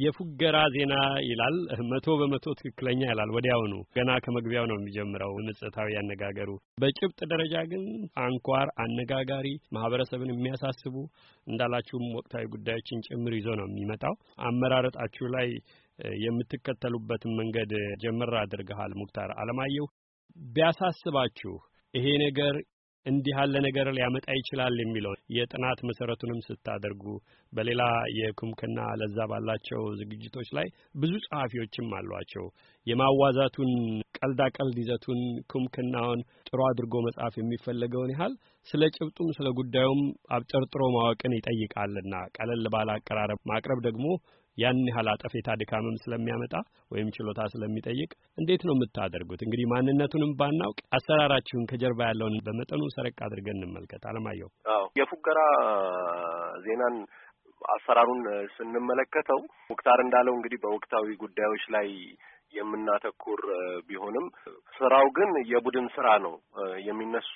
የፉገራ ዜና ይላል። መቶ በመቶ ትክክለኛ ይላል። ወዲያውኑ ገና ከመግቢያው ነው የሚጀምረው ምጸታዊ አነጋገሩ። በጭብጥ ደረጃ ግን አንኳር አነጋጋሪ፣ ማህበረሰብን የሚያሳስቡ እንዳላችሁም ወቅታዊ ጉዳዮችን ጭምር ይዞ ነው የሚመጣው። አመራረጣችሁ ላይ የምትከተሉበትን መንገድ ጀምር አድርገሃል ሙክታር አለማየሁ ቢያሳስባችሁ ይሄ ነገር እንዲህ ያለ ነገር ሊያመጣ ይችላል የሚለው የጥናት መሰረቱንም ስታደርጉ በሌላ የኩምክና ለዛ ባላቸው ዝግጅቶች ላይ ብዙ ጸሐፊዎችም አሏቸው። የማዋዛቱን ቀልዳቀልድ ይዘቱን ኩምክናውን ጥሩ አድርጎ መጽሐፍ የሚፈለገውን ያህል ስለ ጭብጡም ስለ ጉዳዩም አብጠርጥሮ ማወቅን ይጠይቃልና ቀለል ባለ አቀራረብ ማቅረብ ደግሞ ያን ያህል አጠፌታ ድካምም ስለሚያመጣ ወይም ችሎታ ስለሚጠይቅ እንዴት ነው የምታደርጉት? እንግዲህ ማንነቱንም ባናውቅ አሰራራችሁን ከጀርባ ያለውን በመጠኑ ሰረቅ አድርገን እንመልከት። አለማየሁ፣ አዎ የፉገራ ዜናን አሰራሩን ስንመለከተው ሙክታር እንዳለው እንግዲህ በወቅታዊ ጉዳዮች ላይ የምናተኩር ቢሆንም ስራው ግን የቡድን ስራ ነው። የሚነሱ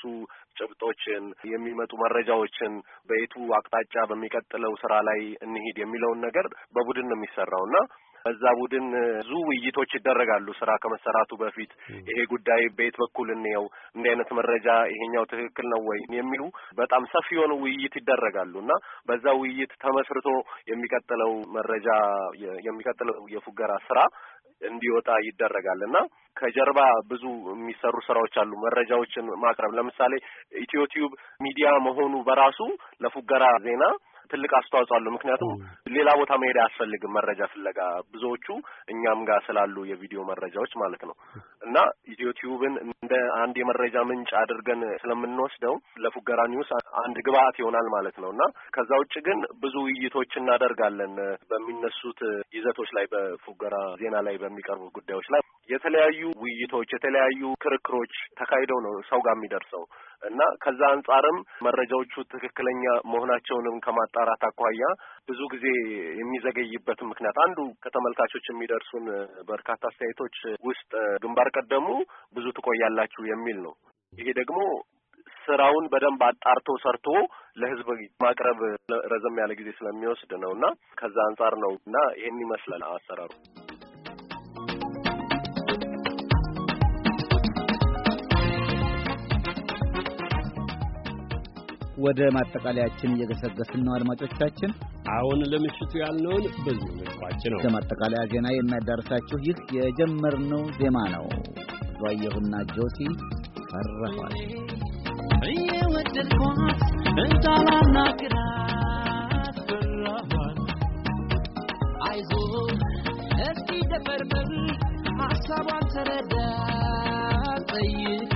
ጭብጦችን፣ የሚመጡ መረጃዎችን በየቱ አቅጣጫ በሚቀጥለው ስራ ላይ እንሂድ የሚለውን ነገር በቡድን ነው የሚሰራው እና በዛ ቡድን ብዙ ውይይቶች ይደረጋሉ። ስራ ከመሰራቱ በፊት ይሄ ጉዳይ በየት በኩል እንየው፣ እንዲህ አይነት መረጃ ይሄኛው ትክክል ነው ወይ የሚሉ በጣም ሰፊ የሆኑ ውይይት ይደረጋሉ እና በዛ ውይይት ተመስርቶ የሚቀጥለው መረጃ የሚቀጥለው የፉገራ ስራ እንዲወጣ ይደረጋል እና ከጀርባ ብዙ የሚሰሩ ስራዎች አሉ። መረጃዎችን ማቅረብ ለምሳሌ ኢትዮ ቲዩብ ሚዲያ መሆኑ በራሱ ለፉገራ ዜና ትልቅ አስተዋጽኦ አለው። ምክንያቱም ሌላ ቦታ መሄድ አያስፈልግም መረጃ ፍለጋ ብዙዎቹ እኛም ጋር ስላሉ የቪዲዮ መረጃዎች ማለት ነው እና ዩቲዩብን እንደ አንድ የመረጃ ምንጭ አድርገን ስለምንወስደው ለፉገራ ኒውስ አንድ ግብአት ይሆናል ማለት ነው እና ከዛ ውጭ ግን ብዙ ውይይቶች እናደርጋለን በሚነሱት ይዘቶች ላይ በፉገራ ዜና ላይ በሚቀርቡ ጉዳዮች ላይ የተለያዩ ውይይቶች የተለያዩ ክርክሮች ተካሂደው ነው ሰው ጋር የሚደርሰው። እና ከዛ አንጻርም መረጃዎቹ ትክክለኛ መሆናቸውንም ከማጣራት አኳያ ብዙ ጊዜ የሚዘገይበት ምክንያት አንዱ ከተመልካቾች የሚደርሱን በርካታ አስተያየቶች ውስጥ ግንባር ቀደሙ ብዙ ትቆያላችሁ የሚል ነው። ይሄ ደግሞ ስራውን በደንብ አጣርቶ ሰርቶ ለህዝብ ማቅረብ ረዘም ያለ ጊዜ ስለሚወስድ ነው እና ከዛ አንጻር ነው እና ይህን ይመስላል አሰራሩ። ወደ ማጠቃለያችን እየገሰገስን ነው። አድማጮቻችን አሁን ለምሽቱ ያልነውን በዚሁ ምልኳች ነው ለማጠቃለያ ዜና የሚያዳርሳችሁ ይህ የጀመርነው ዜማ ነው። ዋየሁና ጆሲ ፈረፏል እየወደድኳት ግራት ፈረፏል አይዞ እስኪ ተፈርበብ ሀሳቧን ተረዳ ጠይቃ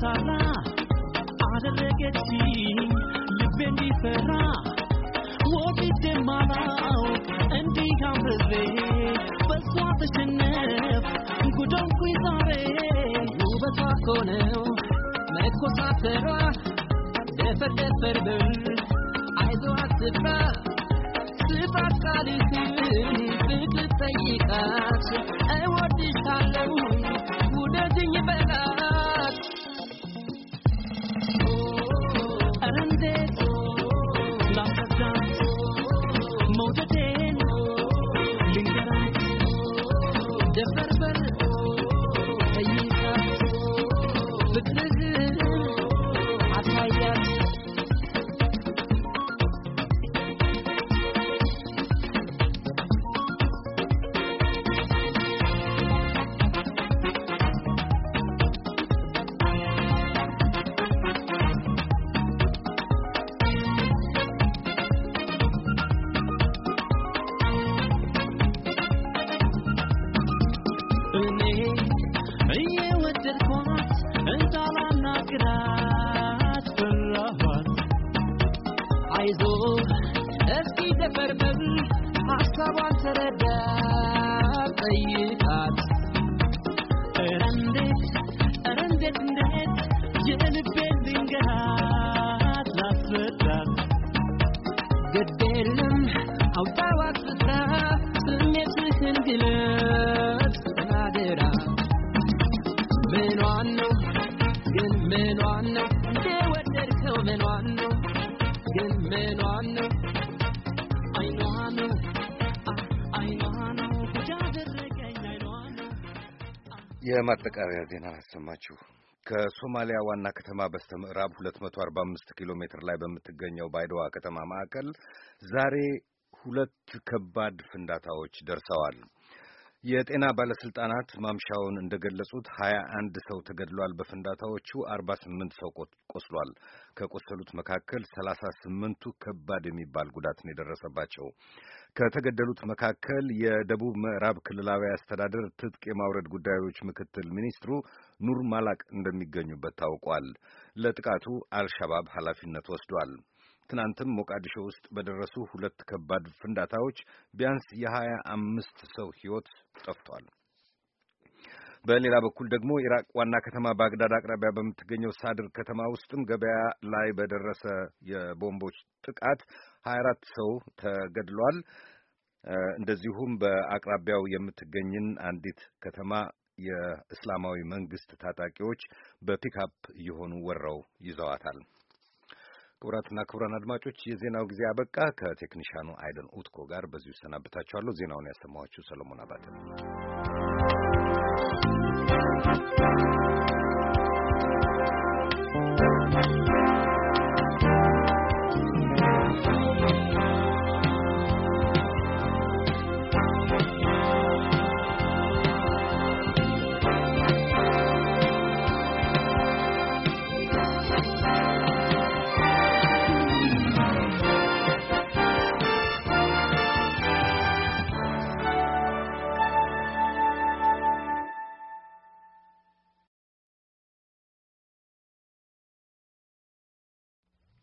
sala arale geti lebendi sala wo bitte andi kamre baswa tashne gudon kui sare uba ta kone me ko sa tera desa te perdun ai do atra sifa kali ti ti te yika ai wo di sala wo de ላሰማችሁ። ከሶማሊያ ዋና ከተማ በስተ ምዕራብ 245 ኪሎ ሜትር ላይ በምትገኘው ባይደዋ ከተማ ማዕከል ዛሬ ሁለት ከባድ ፍንዳታዎች ደርሰዋል። የጤና ባለስልጣናት ማምሻውን እንደገለጹት ሀያ አንድ ሰው ተገድሏል በፍንዳታዎቹ፣ አርባ ስምንት ሰው ቆስሏል። ከቆሰሉት መካከል ሰላሳ ስምንቱ ከባድ የሚባል ጉዳት ነው የደረሰባቸው። ከተገደሉት መካከል የደቡብ ምዕራብ ክልላዊ አስተዳደር ትጥቅ የማውረድ ጉዳዮች ምክትል ሚኒስትሩ ኑር ማላቅ እንደሚገኙበት ታውቋል። ለጥቃቱ አልሻባብ ኃላፊነት ወስዷል። ትናንትም ሞቃዲሾ ውስጥ በደረሱ ሁለት ከባድ ፍንዳታዎች ቢያንስ የሀያ አምስት ሰው ሕይወት ጠፍቷል። በሌላ በኩል ደግሞ ኢራቅ ዋና ከተማ ባግዳድ አቅራቢያ በምትገኘው ሳድር ከተማ ውስጥም ገበያ ላይ በደረሰ የቦምቦች ጥቃት ሀያ አራት ሰው ተገድሏል። እንደዚሁም በአቅራቢያው የምትገኝን አንዲት ከተማ የእስላማዊ መንግስት ታጣቂዎች በፒክአፕ እየሆኑ ወረው ይዘዋታል። ክቡራትና ክቡራን አድማጮች የዜናው ጊዜ አበቃ። ከቴክኒሻኑ አይደን ኡትኮ ጋር በዚሁ ይሰናብታችኋለሁ። ዜናውን ያሰማኋችሁ ሰለሞን አባተ